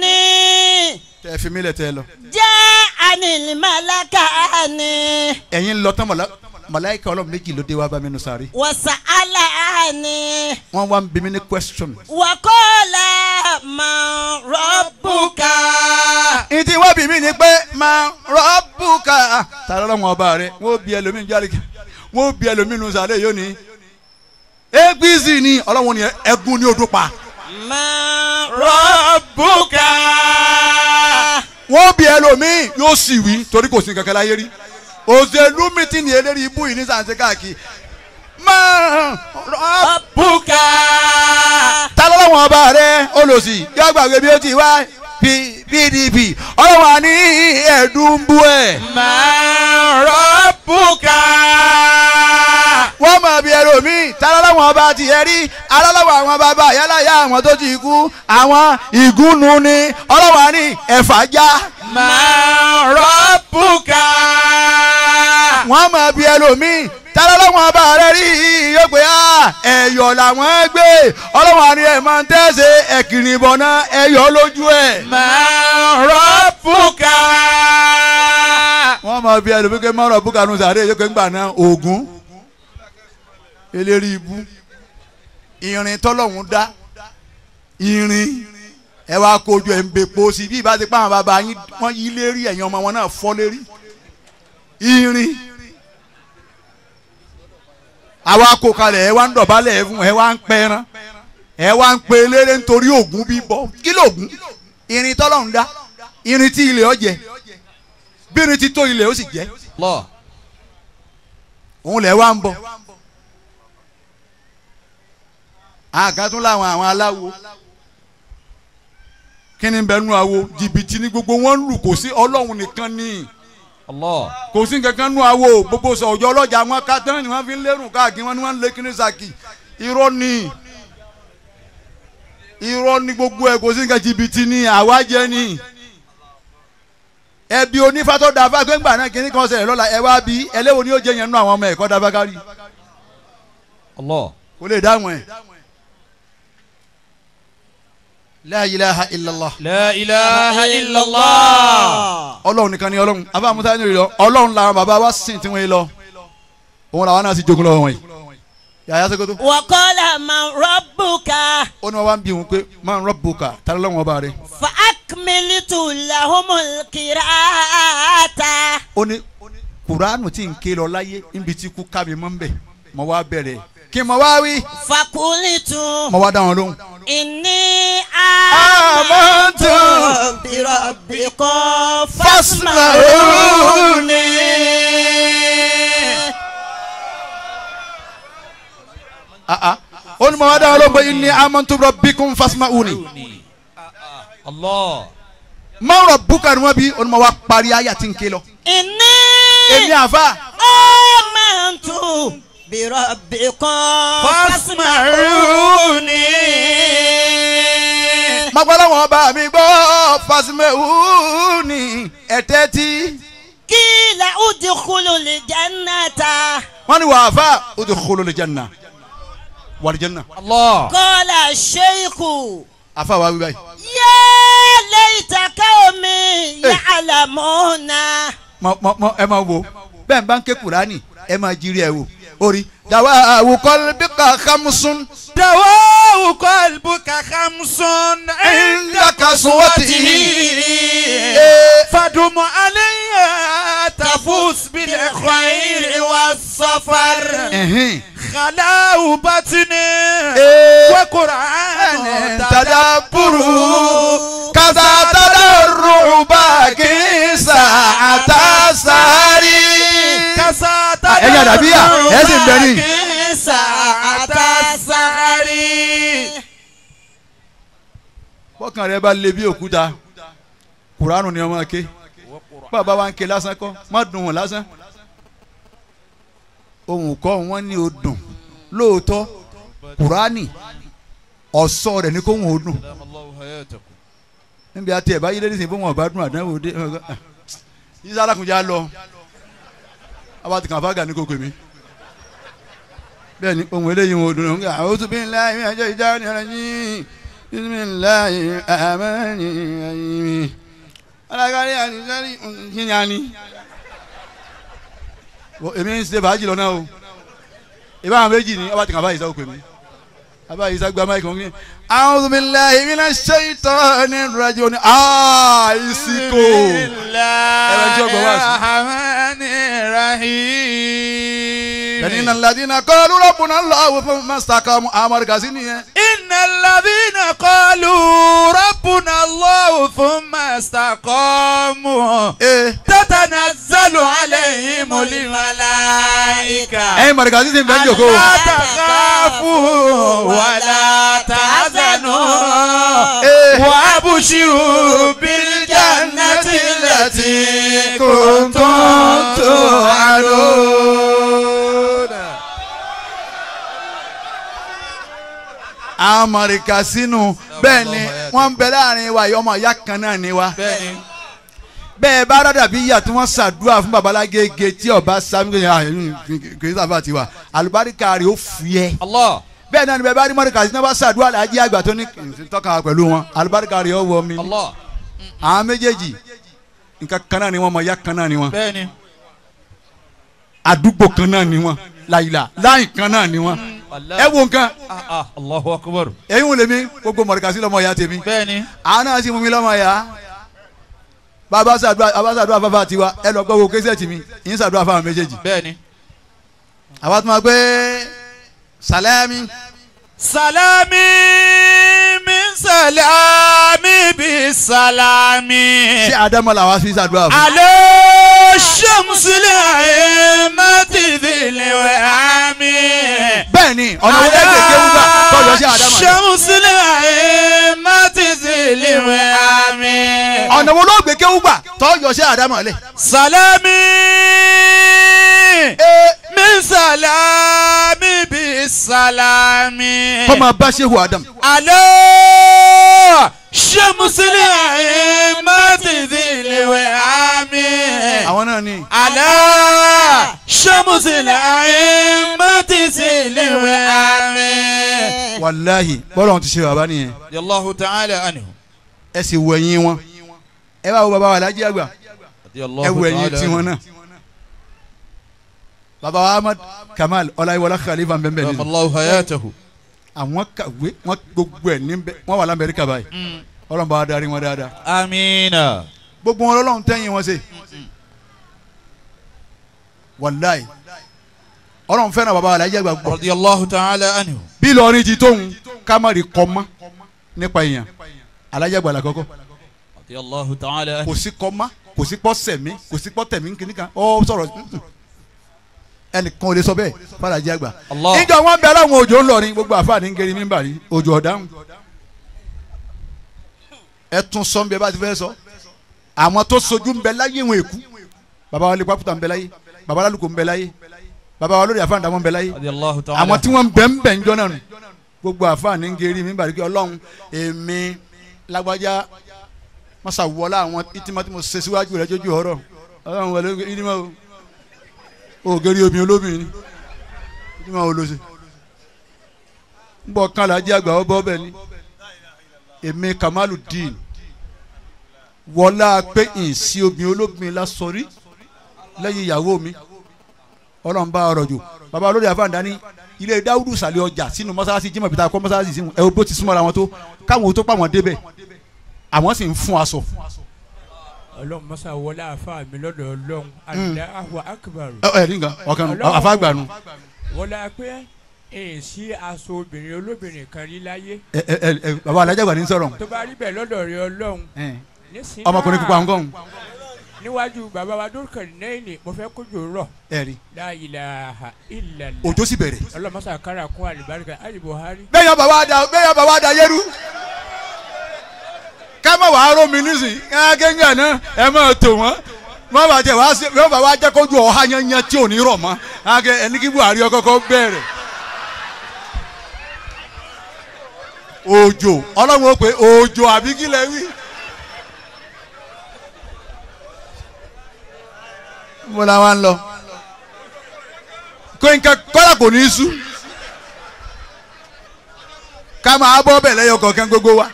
fi mí lẹ̀ tẹ́ lọ. jẹ́ àní màláka ni. ẹ̀yin lọ tán màláìka ọlọ́run méjì ló dé wá bá mi nù sáré. wọ́sà àlà ni. wọ́n wá ń bí ní question. wàkọ́lá máa rọ́bùkà. ìdí wọ́n bí mi ni pé máa rọ́bùkà. tààrà lọ́wọ́ ọba rẹ̀ wọ́n bí ẹlòmíín járe wọ́n bí ẹlòmíín nù sáré yóò ní. apc ni ọlọ́run ẹgún ní odò pa. máa rọ́bùkà wọ́n bí ẹlòmíì yóò sì wí torí kò sí kankan láyé rí òṣèlú mítìnì eléré ibú yìí ní sàǹsẹ̀ káàkiri máa rọ́bùkà. ta ló lọ́wọ́ ọba rẹ olùsí yóò gbàgbé bí ó ti wá pdp ọlọ́wọ́ ní ẹ̀ẹ́dùnbú ẹ̀. máa rọ́bùkà búkà. wọ́n mọ̀ bí ẹrù mi tara láwọn ọba ti yẹ rí aláwọ̀ àwọn bàbá àyáláyà àwọn tó ti kú àwọn ìgúnnu ni ọlọ́wà ní ẹ̀fà já. máa rọ wọ́n mọ̀ bí ẹrù mi tara lọ́wọ́n rẹ rí yóò pé a ẹ̀yọ̀ làwọn gbé ọlọ́wọ́n àni ẹ̀ máa ń tẹ̀sẹ̀ ẹ̀kìrìn ẹ̀yọ̀ lójú ẹ̀. máa rọ́ wọ́n máa bí ẹlòmí pé mọ́rọ̀ búkanú sàárè yókè ńgbà oògùn eléri ibú irin tọ́lọ́hún dá irin ẹ wá kojú ẹ̀ bí ìbá pa àwọn bàbá yín wọ́n yí lérí ọmọ wọn náà fọ́ lérí irin àwa kò kalẹ̀ ẹ wá ń dọ̀bálẹ̀ ẹ fún ẹ wá ń pẹran ẹ wá ń pe eléré nítorí bínú ti tó ilẹ̀ ó sì jẹ́ lọ òun lẹ̀ wá ń bọ̀ àkàtún làwọn àwọn aláwo kí ni bẹ́ẹ̀ nu àwo jìbìtì ni gbogbo wọn lù kò sí ọlọ́run nìkan ni kò sí nǹkan kan nu àwo gbogbo sọ̀jọ́ ọlọ́jà wọn ká tán ni wọ́n fi ń lérùn káàkiri wọn ni wọ́n ń lé kiri sàkì irọ́ ni irọ́ ni gbogbo ẹ̀ kò sí nǹkan jìbìtì ni àwájẹ́ ni. Ironi ẹbí onífá tó da náà kìíní kan ṣẹlẹ̀ lọ́la ẹ bí ẹlẹ́wọ̀n ni yóò jẹ́ yẹn nínú àwọn ọmọ ẹ̀kọ́ dabakari. kò lè dáhùn ẹ̀. La ilaha illallah. La ọlọ́run nìkan ni ọlọ́run abáàmúta ni rí lọ ọlọ́run làwọn bàbá wa sìn tí wọ́n yé lọ òun làwọn náà sì jogun lọ́wọ́ wọn yìí yàyà Sokoto. wọ́kọ́lá máa ń rọ́bùkà. ó ní wọn wá ń bí wọn pé máa ń rọ́bùkà tá lọ́wọ́n ọba rẹ. fa akmilitu lahumul kiraata. ó ní kuranu tí n ké láyé níbi tí kú kábí mọ́ ń mọ́ wá bẹ̀rẹ̀ kí mo wá wí. fakulitu. mo wá dá wọn lóhùn. inni amantu bi rabbikum fasma'uni. Ah, ah. ó ní mo wá dáhùn lóko inni amantu rabbikum fasma'uni. ma rabbuka ni wọ́n bí ó ní mo wá parí ayé àti nké lọ. inni èmi àfa. amantu bi rabbikum fasma'uni. magbala wọn bá mi gbọ́ fasma'uni ẹ̀tẹ́ tí kila udukulu le janna ta. wọ́n ní wàá fa udukulu le janna wàlìjẹ́nà. kọ́lá ṣéyíkù. àfa wa wíwáyì. yéèlè ìtàkà omi yà àlàmọ́ náà. mọ mọ mọ ẹ máa wo bẹ́ẹ̀ bá ń ké kúránì ẹ máa jírí ẹ wò orí. dàwa àwùkọ́ bíkà hamsun. dàwa àwùkọ́ bíkà hamsun. ndakasùn wọ́n ti hí. fadumu aliyah tafus bilẹ̀ khayri wa safar. خلاو بطني وقرآن تدبر كذا تدرع باقي ساعة ساعة àbíyà ẹ sì ń bẹ ní. bọ́kàn rẹ bá le bí òkúta kuranu ni ọmọ ké bàbá wa ń ké lásán kọ́ má dùn wọn lásán ohun kọ́ wọn ní o dùn lóòótọ́ kurani ọ̀sọ́ rẹ̀ ní kó wọn ò dùn níbi àti ẹ̀ bá yí lé nísìnyí fún wọn ò bá dùn àdánwò dé ìsára kùn já lọ àwa ti kàn fága ní kókò mi bẹ́ẹ̀ ni ohun eléyìí wọn ò dùn ún àwọn oṣù bíi ńlá yìí ẹjọ́ ìjà ni ọ̀rọ̀ yìí bísímìlá yìí àmẹ́ni ẹ̀yìn mi alágbárí àdìsẹ́rì ìyànní. èmi ń ṣe fàájì lọ náà o ìbáwọn méjì ni ọba ti kàn fáyìí sọ́kùn mi àbá yìí sàgbà máìkì wọn ní. a'udhu billahi minash shaitanir rajim ní àìsíkò ẹ̀rọ tí ọgbọ̀n wá sí. innal ladhina qalu rabbuna Allahu thumma istaqamu amọ̀rẹ́ kàsí nìyẹn. innal ladhina qalu rabbuna Allahu thumma istaqamu eh. tatanazzalu alayhimul malaa ìkà. ẹyin mọ̀rẹ́kà sísè fẹ́ jòkó. alátakàfù wàlá tàzánù wà bùṣírù bíljànàtì láti kòńtóńtò àlò. amọ̀rẹ́kà sínú bẹ́ẹ̀ ni wọ́n ń bẹ láàrin wa yọmọ ìyá kan náà ni wa. bẹ́ẹ̀ ni bẹ́ẹ̀ bá rádà bí yà tí wọ́n ṣàdúrà fún babalágége tí ọba sami ah, kìí sábà ti wà àlùbáríkà rẹ̀ ó fúyẹ́ bẹ́ẹ̀ náà ni bẹ́ẹ̀ bá rí mọ́ríkà tí wọ́n bá ṣàdúrà lájí àgbà tó ní tọ́ka pẹ̀lú wọn àlùbáríkà rẹ̀ ó wọ mi àwọn méjèèjì nǹkan kan náà ni wọn mọ ya kan náà ni wọn àdúgbò kan náà ni wọn láyìlá láyìn kan náà ni wọn ẹ wo nǹkan ah, ah, Allahu Akbar ẹ̀yin wo lèmi gbogbo mọ̀ríkà sí lọ́mọ ya tèmi àwọn náà sì mú mi lọ́mọ ya bàbá sàdúrà bàbá sàdúrà fàfà tiwa ẹ lọ gbọ́ wo késẹ́ẹ̀tì mi yín sàdúrà fáwọn méjèèjì. bẹ́ẹ̀ni. àwa tó máa gbé salami. salami mi salami bi salami. ṣé adamu la wa fi sàdúrà fún. alo ṣamusila ye matidi le wa ami. bẹ́ẹ̀ni ọ̀nà wo ẹgbẹ̀gbẹ̀ wúgbà tọ́jọ́ sí adamu. alo ṣamusila ye ìlíwé àmì. ọ̀nà wo ló gbé kéwú gbà tó yọ sí àdámọ̀ lẹ̀. sàlámì mi sàlámì bí sàlámì. kọ́mọ bá ṣe hu àdámù. àlọ́ ṣé mùsùlùmí àyè má ti di àmì. àwọn náà ni. àlọ́ ṣé mùsùlùmí àyè má ti di àmì. wàláhì bọ́lá wọn ti ṣe bàbá nìyẹn. yàlláhu ta'ala anhu ẹ sì wọ ẹ̀yìn wọn ẹ bá wo baba wa Alhaji Agba ẹ wọ ẹ̀yìn tiwọn náà baba wa Ahmad Kamal ọláyíwọlá khalifa nbẹnbẹn nínú àwọn kàwé wọn gbogbo ẹ níbẹ̀ wọn wà lamẹríkà báyìí mm. Ọlọ́run bá darí wọn dáadáa. amiina. gbogbo wọn lọ́lọ́run tẹ̀yìn wọn ṣe wàláyé ọlọ́run fẹ́ràn baba Alhaji Agba gbọ́. radiyallahu bí lọrin ti tóun ká má rí nípa èèyàn alájàgbàlà kọ́kọ́ kò sí kọ́má kò sí pọ́ sẹ̀mí kò sí pọ́ tẹ̀mí kìnnìkan ó sọ̀rọ̀ ẹnìkan ò lè sọ bẹ́ẹ̀ fàlàjì àgbà níjọ wọn bẹ aláwọn òjò ń gbogbo àfààní ń geri mímbà rí òjò ọ̀dáhùn ẹ tún sọ nbẹ bá ti fẹ́ sọ àwọn tó sojú nbẹ láyé wọn èkú baba wa lépa kúta nbẹ láyé baba alálùkò nbẹ láyé baba wa lórí àfààní dàmọ́ nbẹ láyé àwọn tí wọ́n bẹ̀ ń bẹ̀ ń jọ náà nù gbogbo àfààní ń geri mímbà rí kí ọlọ́run èmi lágbájá masa wọlé àwọn itima tí mo ṣe síwájú rẹ jójú ọ̀rọ̀ Ọlọ́run wọlé itima o o ògèrè obìnrin olóbìnrin itima o lọ sí nbọ kan lajẹ àgbà ọbọ bẹ́ẹ̀ ni èmi Kamaludeen wọlá pé ìsí obìnrin olóbìnrin la sọrí lẹ́yìn ìyàwó mi Ọlọ́run bá ọ̀rọ̀ jù baba olórí àfàǹdá ní ilé Dáwúdù sàlẹ̀ ọjà sínú mọ́sálásí jimoh bìtá kọ́ mọ́sálásí sínú ẹ̀ o bó ti súnmọ́ra wọn tó káwọn tó pàwọn débẹ̀ àwọn sì ń fún aṣọ. ọlọ́run mọ́sá wọlé àfa mi lọ́dọ̀ ọlọ́run àdá àwọn akíbarù. ẹ ẹ nígbà ọkàn nù àfa gbà nù. wọlé pé èyí sí aṣọ obìnrin olóbìnrin kan rí láyé. ẹ ẹ ẹ bàbá alájà gbà ní sọ̀rọ̀. tó bá rí bẹ́ẹ̀ lọ́dọ̀ rẹ ọlọ́run. ọmọkùnrin pupa ń gọ̀hún níwájú bàbá wa dókè nẹ́ẹ̀nì mo fẹ́ kójú rọ. ẹ rí. láyìlá ìlàlá. òjò sì bẹ̀rẹ̀. ọlọmọ sàkárà kún àlùbáríkà àyè buhari. bẹ́ẹ̀ yọ bàbá da bẹ́ẹ̀ yọ bàbá da yẹ́rú ká má wàá rómi nísìnyí gẹ́gẹ́ náà ẹ má tò wọ́n má bàa jẹ wàá yóò bá wàá jẹ́ kójú ọ̀há yanyan tí ò ní rọ̀ mọ́ ẹni kí Buhari ọkọ̀ọ̀kọ̀ bẹ̀rẹ̀. òjò ọlọ́run ó pè òjò àbí kí lẹ wí. mo la wa ń lọ kóńkà kọ́lá kò ní í sú ká máa bọ́ bẹ̀ lẹ́yọ kọ̀ọ̀kan gbogbo wa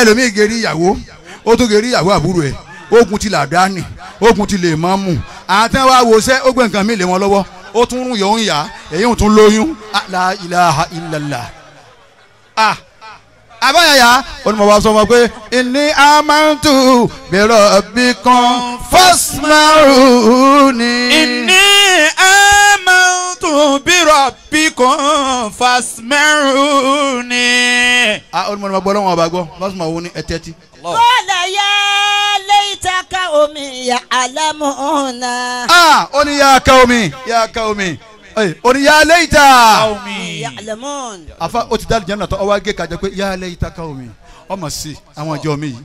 ẹlòmíì geri ìyàwó ó tún geri ìyàwó àbúrò ẹ̀ ogun ti làdáni ogun ti lè mọ́ mù àtẹ̀wá wa sẹ́ ó gbé nǹkan mi lé wọn lọ́wọ́ ó tún rún yòó ń yá èyí ò tún lóyún la ilaha illallah ah abáyàyà olùmọ̀wá sọ ma pé inni amantu bi rabbikum fasmaru ni. inni amantu tún bírọ̀ bí kún fásmẹ́rù ni. a ó ní mo ní ma gbọ́ lọ́wọ́ ọba gbọ́ má sùn ma wo ní ẹ tẹ́tí. kọ́lá yá léyìítà ká omi yà álámù ọ̀nà. a ó ní yà ká omi yà ká omi ó ní yà léyìítà. yà álámù ọ̀nà. àfa o ti dá àlùjá nàtọ́ ọwọ́ agé kájà pé yà léyìítà ká omi ọmọ sí àwọn ìjọ mi yìí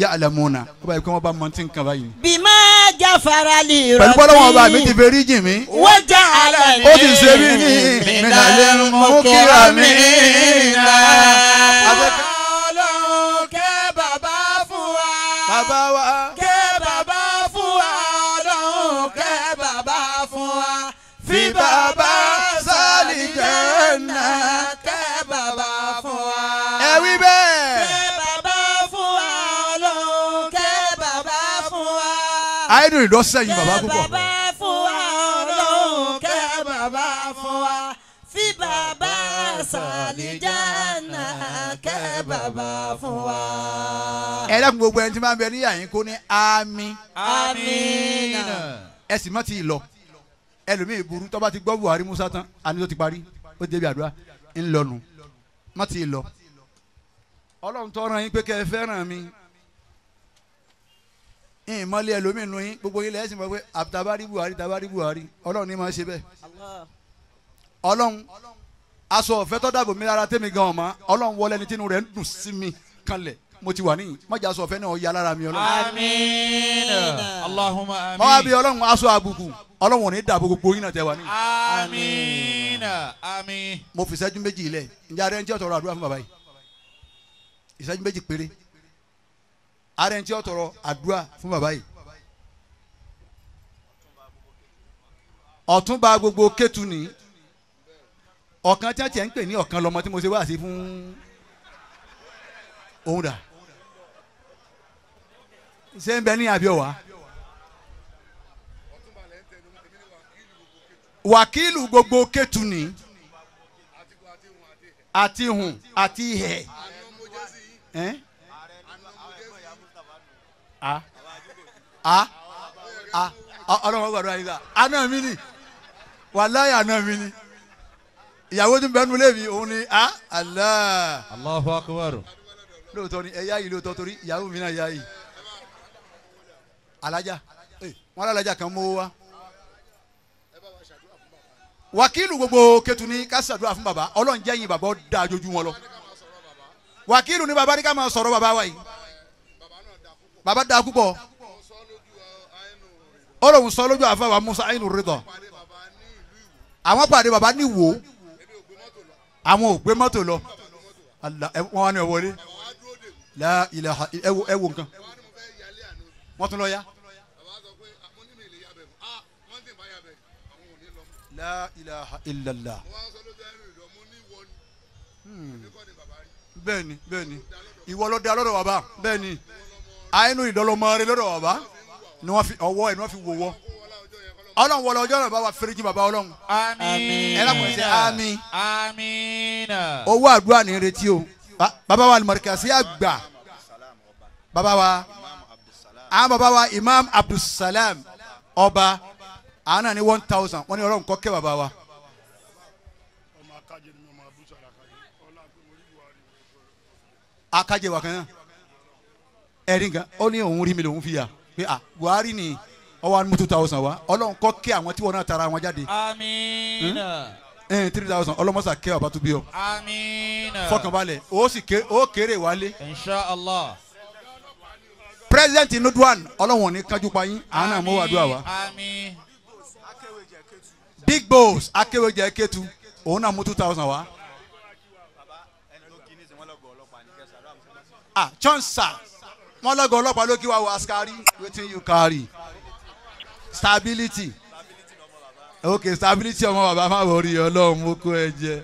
yà álámù ọ̀nà ó báyìí pé wọ́n bá mọ tí ń kan báyìí. bímọ já fara lè rọ mí. pẹ̀lú bọ́lọ́wọ́n ọba mi ti fẹ́rí jì mí. wọ́n já ara mi. ó ti ṣe mí ní ìrìnàlẹ́ mú kíra mi. idol lọ sẹ́yìn bàbá púpọ̀. bàbá fún wa ọlọ́run kẹ́ bàbá fún wa fi bàbá sàlìjánà kẹ́ bàbá fún wa. ẹ dákun gbogbo ẹni tí máa ń bẹ níyà yín kó ní àmín. àmín náà. ẹ sì má ti lọ ẹlòmíì burú tó ti gbọ́ Buhari Musa tán àní tó ti parí ó débi àdúrà ńlọnu má ti lọ ọlọ́run tó ràn yín pé kẹ́ ẹ fẹ́ràn mi yìnyín mọ́lẹ́ ẹlòmíín yín gbogbo yín lẹ́sìn mọ́ pé Buhari tàbárí Buhari ọlọ́run ni máa ṣe bẹ́ẹ̀ ọlọ́run aṣọ ọ̀fẹ́ tó dàbò mi lára tẹ́mi gan ọ̀ma ọlọ́run wọlé ẹni tínú rẹ̀ ń dùn sí mi kanlẹ̀ mo ti wà níyìn mọ̀jà aṣọ ọ̀fẹ́ náà ya lára mi ọlọ́run. amiina Allahumma bí ọlọ́run aṣọ àbùkù ọlọ́run ò ní dàbò gbogbo yín náà tẹ wà níyìn. mo fi ìṣẹ́jú méjì yìí ìṣẹ́jú méjì ààrẹ ń tí ó tọrọ àdúrà fún bàbá yìí ọ̀túnba gbogbo kẹ́tù ni ọ̀kan tí a tiẹ̀ ń pè ní ọ̀kan lọ́mọ tí mo ṣe wá sí fún òun dà ṣé ń bẹ ní abiowa wàkílù gbogbo kẹ́tù ni àti hùn àti hẹ̀ a a a ọlọ́mọ gbàdúrà yìí sá àná mi ni wàláyà àná mi ni ìyàwó tí bẹ́ẹ̀ nulẹ̀ mi òun ni a Allah. Allahu akbar. lóòótọ́ ni ẹ yá yìí lóòótọ́ torí ìyàwó mi náà yá yìí alájà eh, wọn alájà kan mọ́ wa wakilu gbogbo ketu ni ká ṣàdúrà fún baba ọlọ́run jẹ́ yín baba ó dáa wọn lọ wakilu ni baba ní ká máa sọ̀rọ̀ baba wa yìí baba da púpọ̀ ó lòun sọ lójú musa ayinu rìdọ̀ àwọn pàdé baba ní wo àwọn ò gbé mọ́tò lọ wọn wá ní ọwọlé la ilaha ẹ wo nǹkan wọ́n tún lọ yá. la ilaha illallah. Hmm, bẹ́ẹ̀ni bẹ́ẹ̀ni ìwọ ló dá lọ́dọ̀ wa bá bẹ́ẹ̀ni àyínú ìdọ́lọ́mọrin lọ́dọ̀ bàbá ni wọ́n fi ọwọ́ ẹ̀ ni wọ́n fi wò wọ́ ọlọ́run wọlé ọjọ́ náà bá wa fẹ́rẹ́jì bàbá ọlọ́run. àmín ẹ lápò ṣe àmín. àmín. owó àdúrà ní retí o bàbá wa alimọ̀rìkàsí àgbà bàbá wa àwọn bàbá wa imam abdulsalam ọba àwọn náà ní one thousand wọ́n ní ọlọ́run kọ́ kẹ́ bàbá wa. akajẹ wa kan náà ẹ̀rí nǹkan ó ní òun rí mi lòun fi yà pé à buhari ni ọwọ́ àwọn two thousand wa ọlọ́run kọ́ kí àwọn tí wọ́n náà tara wọn jáde. Hm? Hm, three thousand ọlọ́mọ́sà kẹ́ ọba tó bí ọ. amiina. fọkànbalẹ̀ o sì ké o kéré wálé. inshallah. president nudwan ọlọ́run ò ní kájú pa yín àánà mọ́ wàdúrà wa. big boss akéwèjẹ kétu òun náà mú two thousand wa. ah johnson wọ́n lọ́gọ̀ ọlọ́pàá ló kí wa wò askari wetin you carry stability Okay, stability ọmọ bàbá má wọrí ọlọ́run ó ẹ jẹ.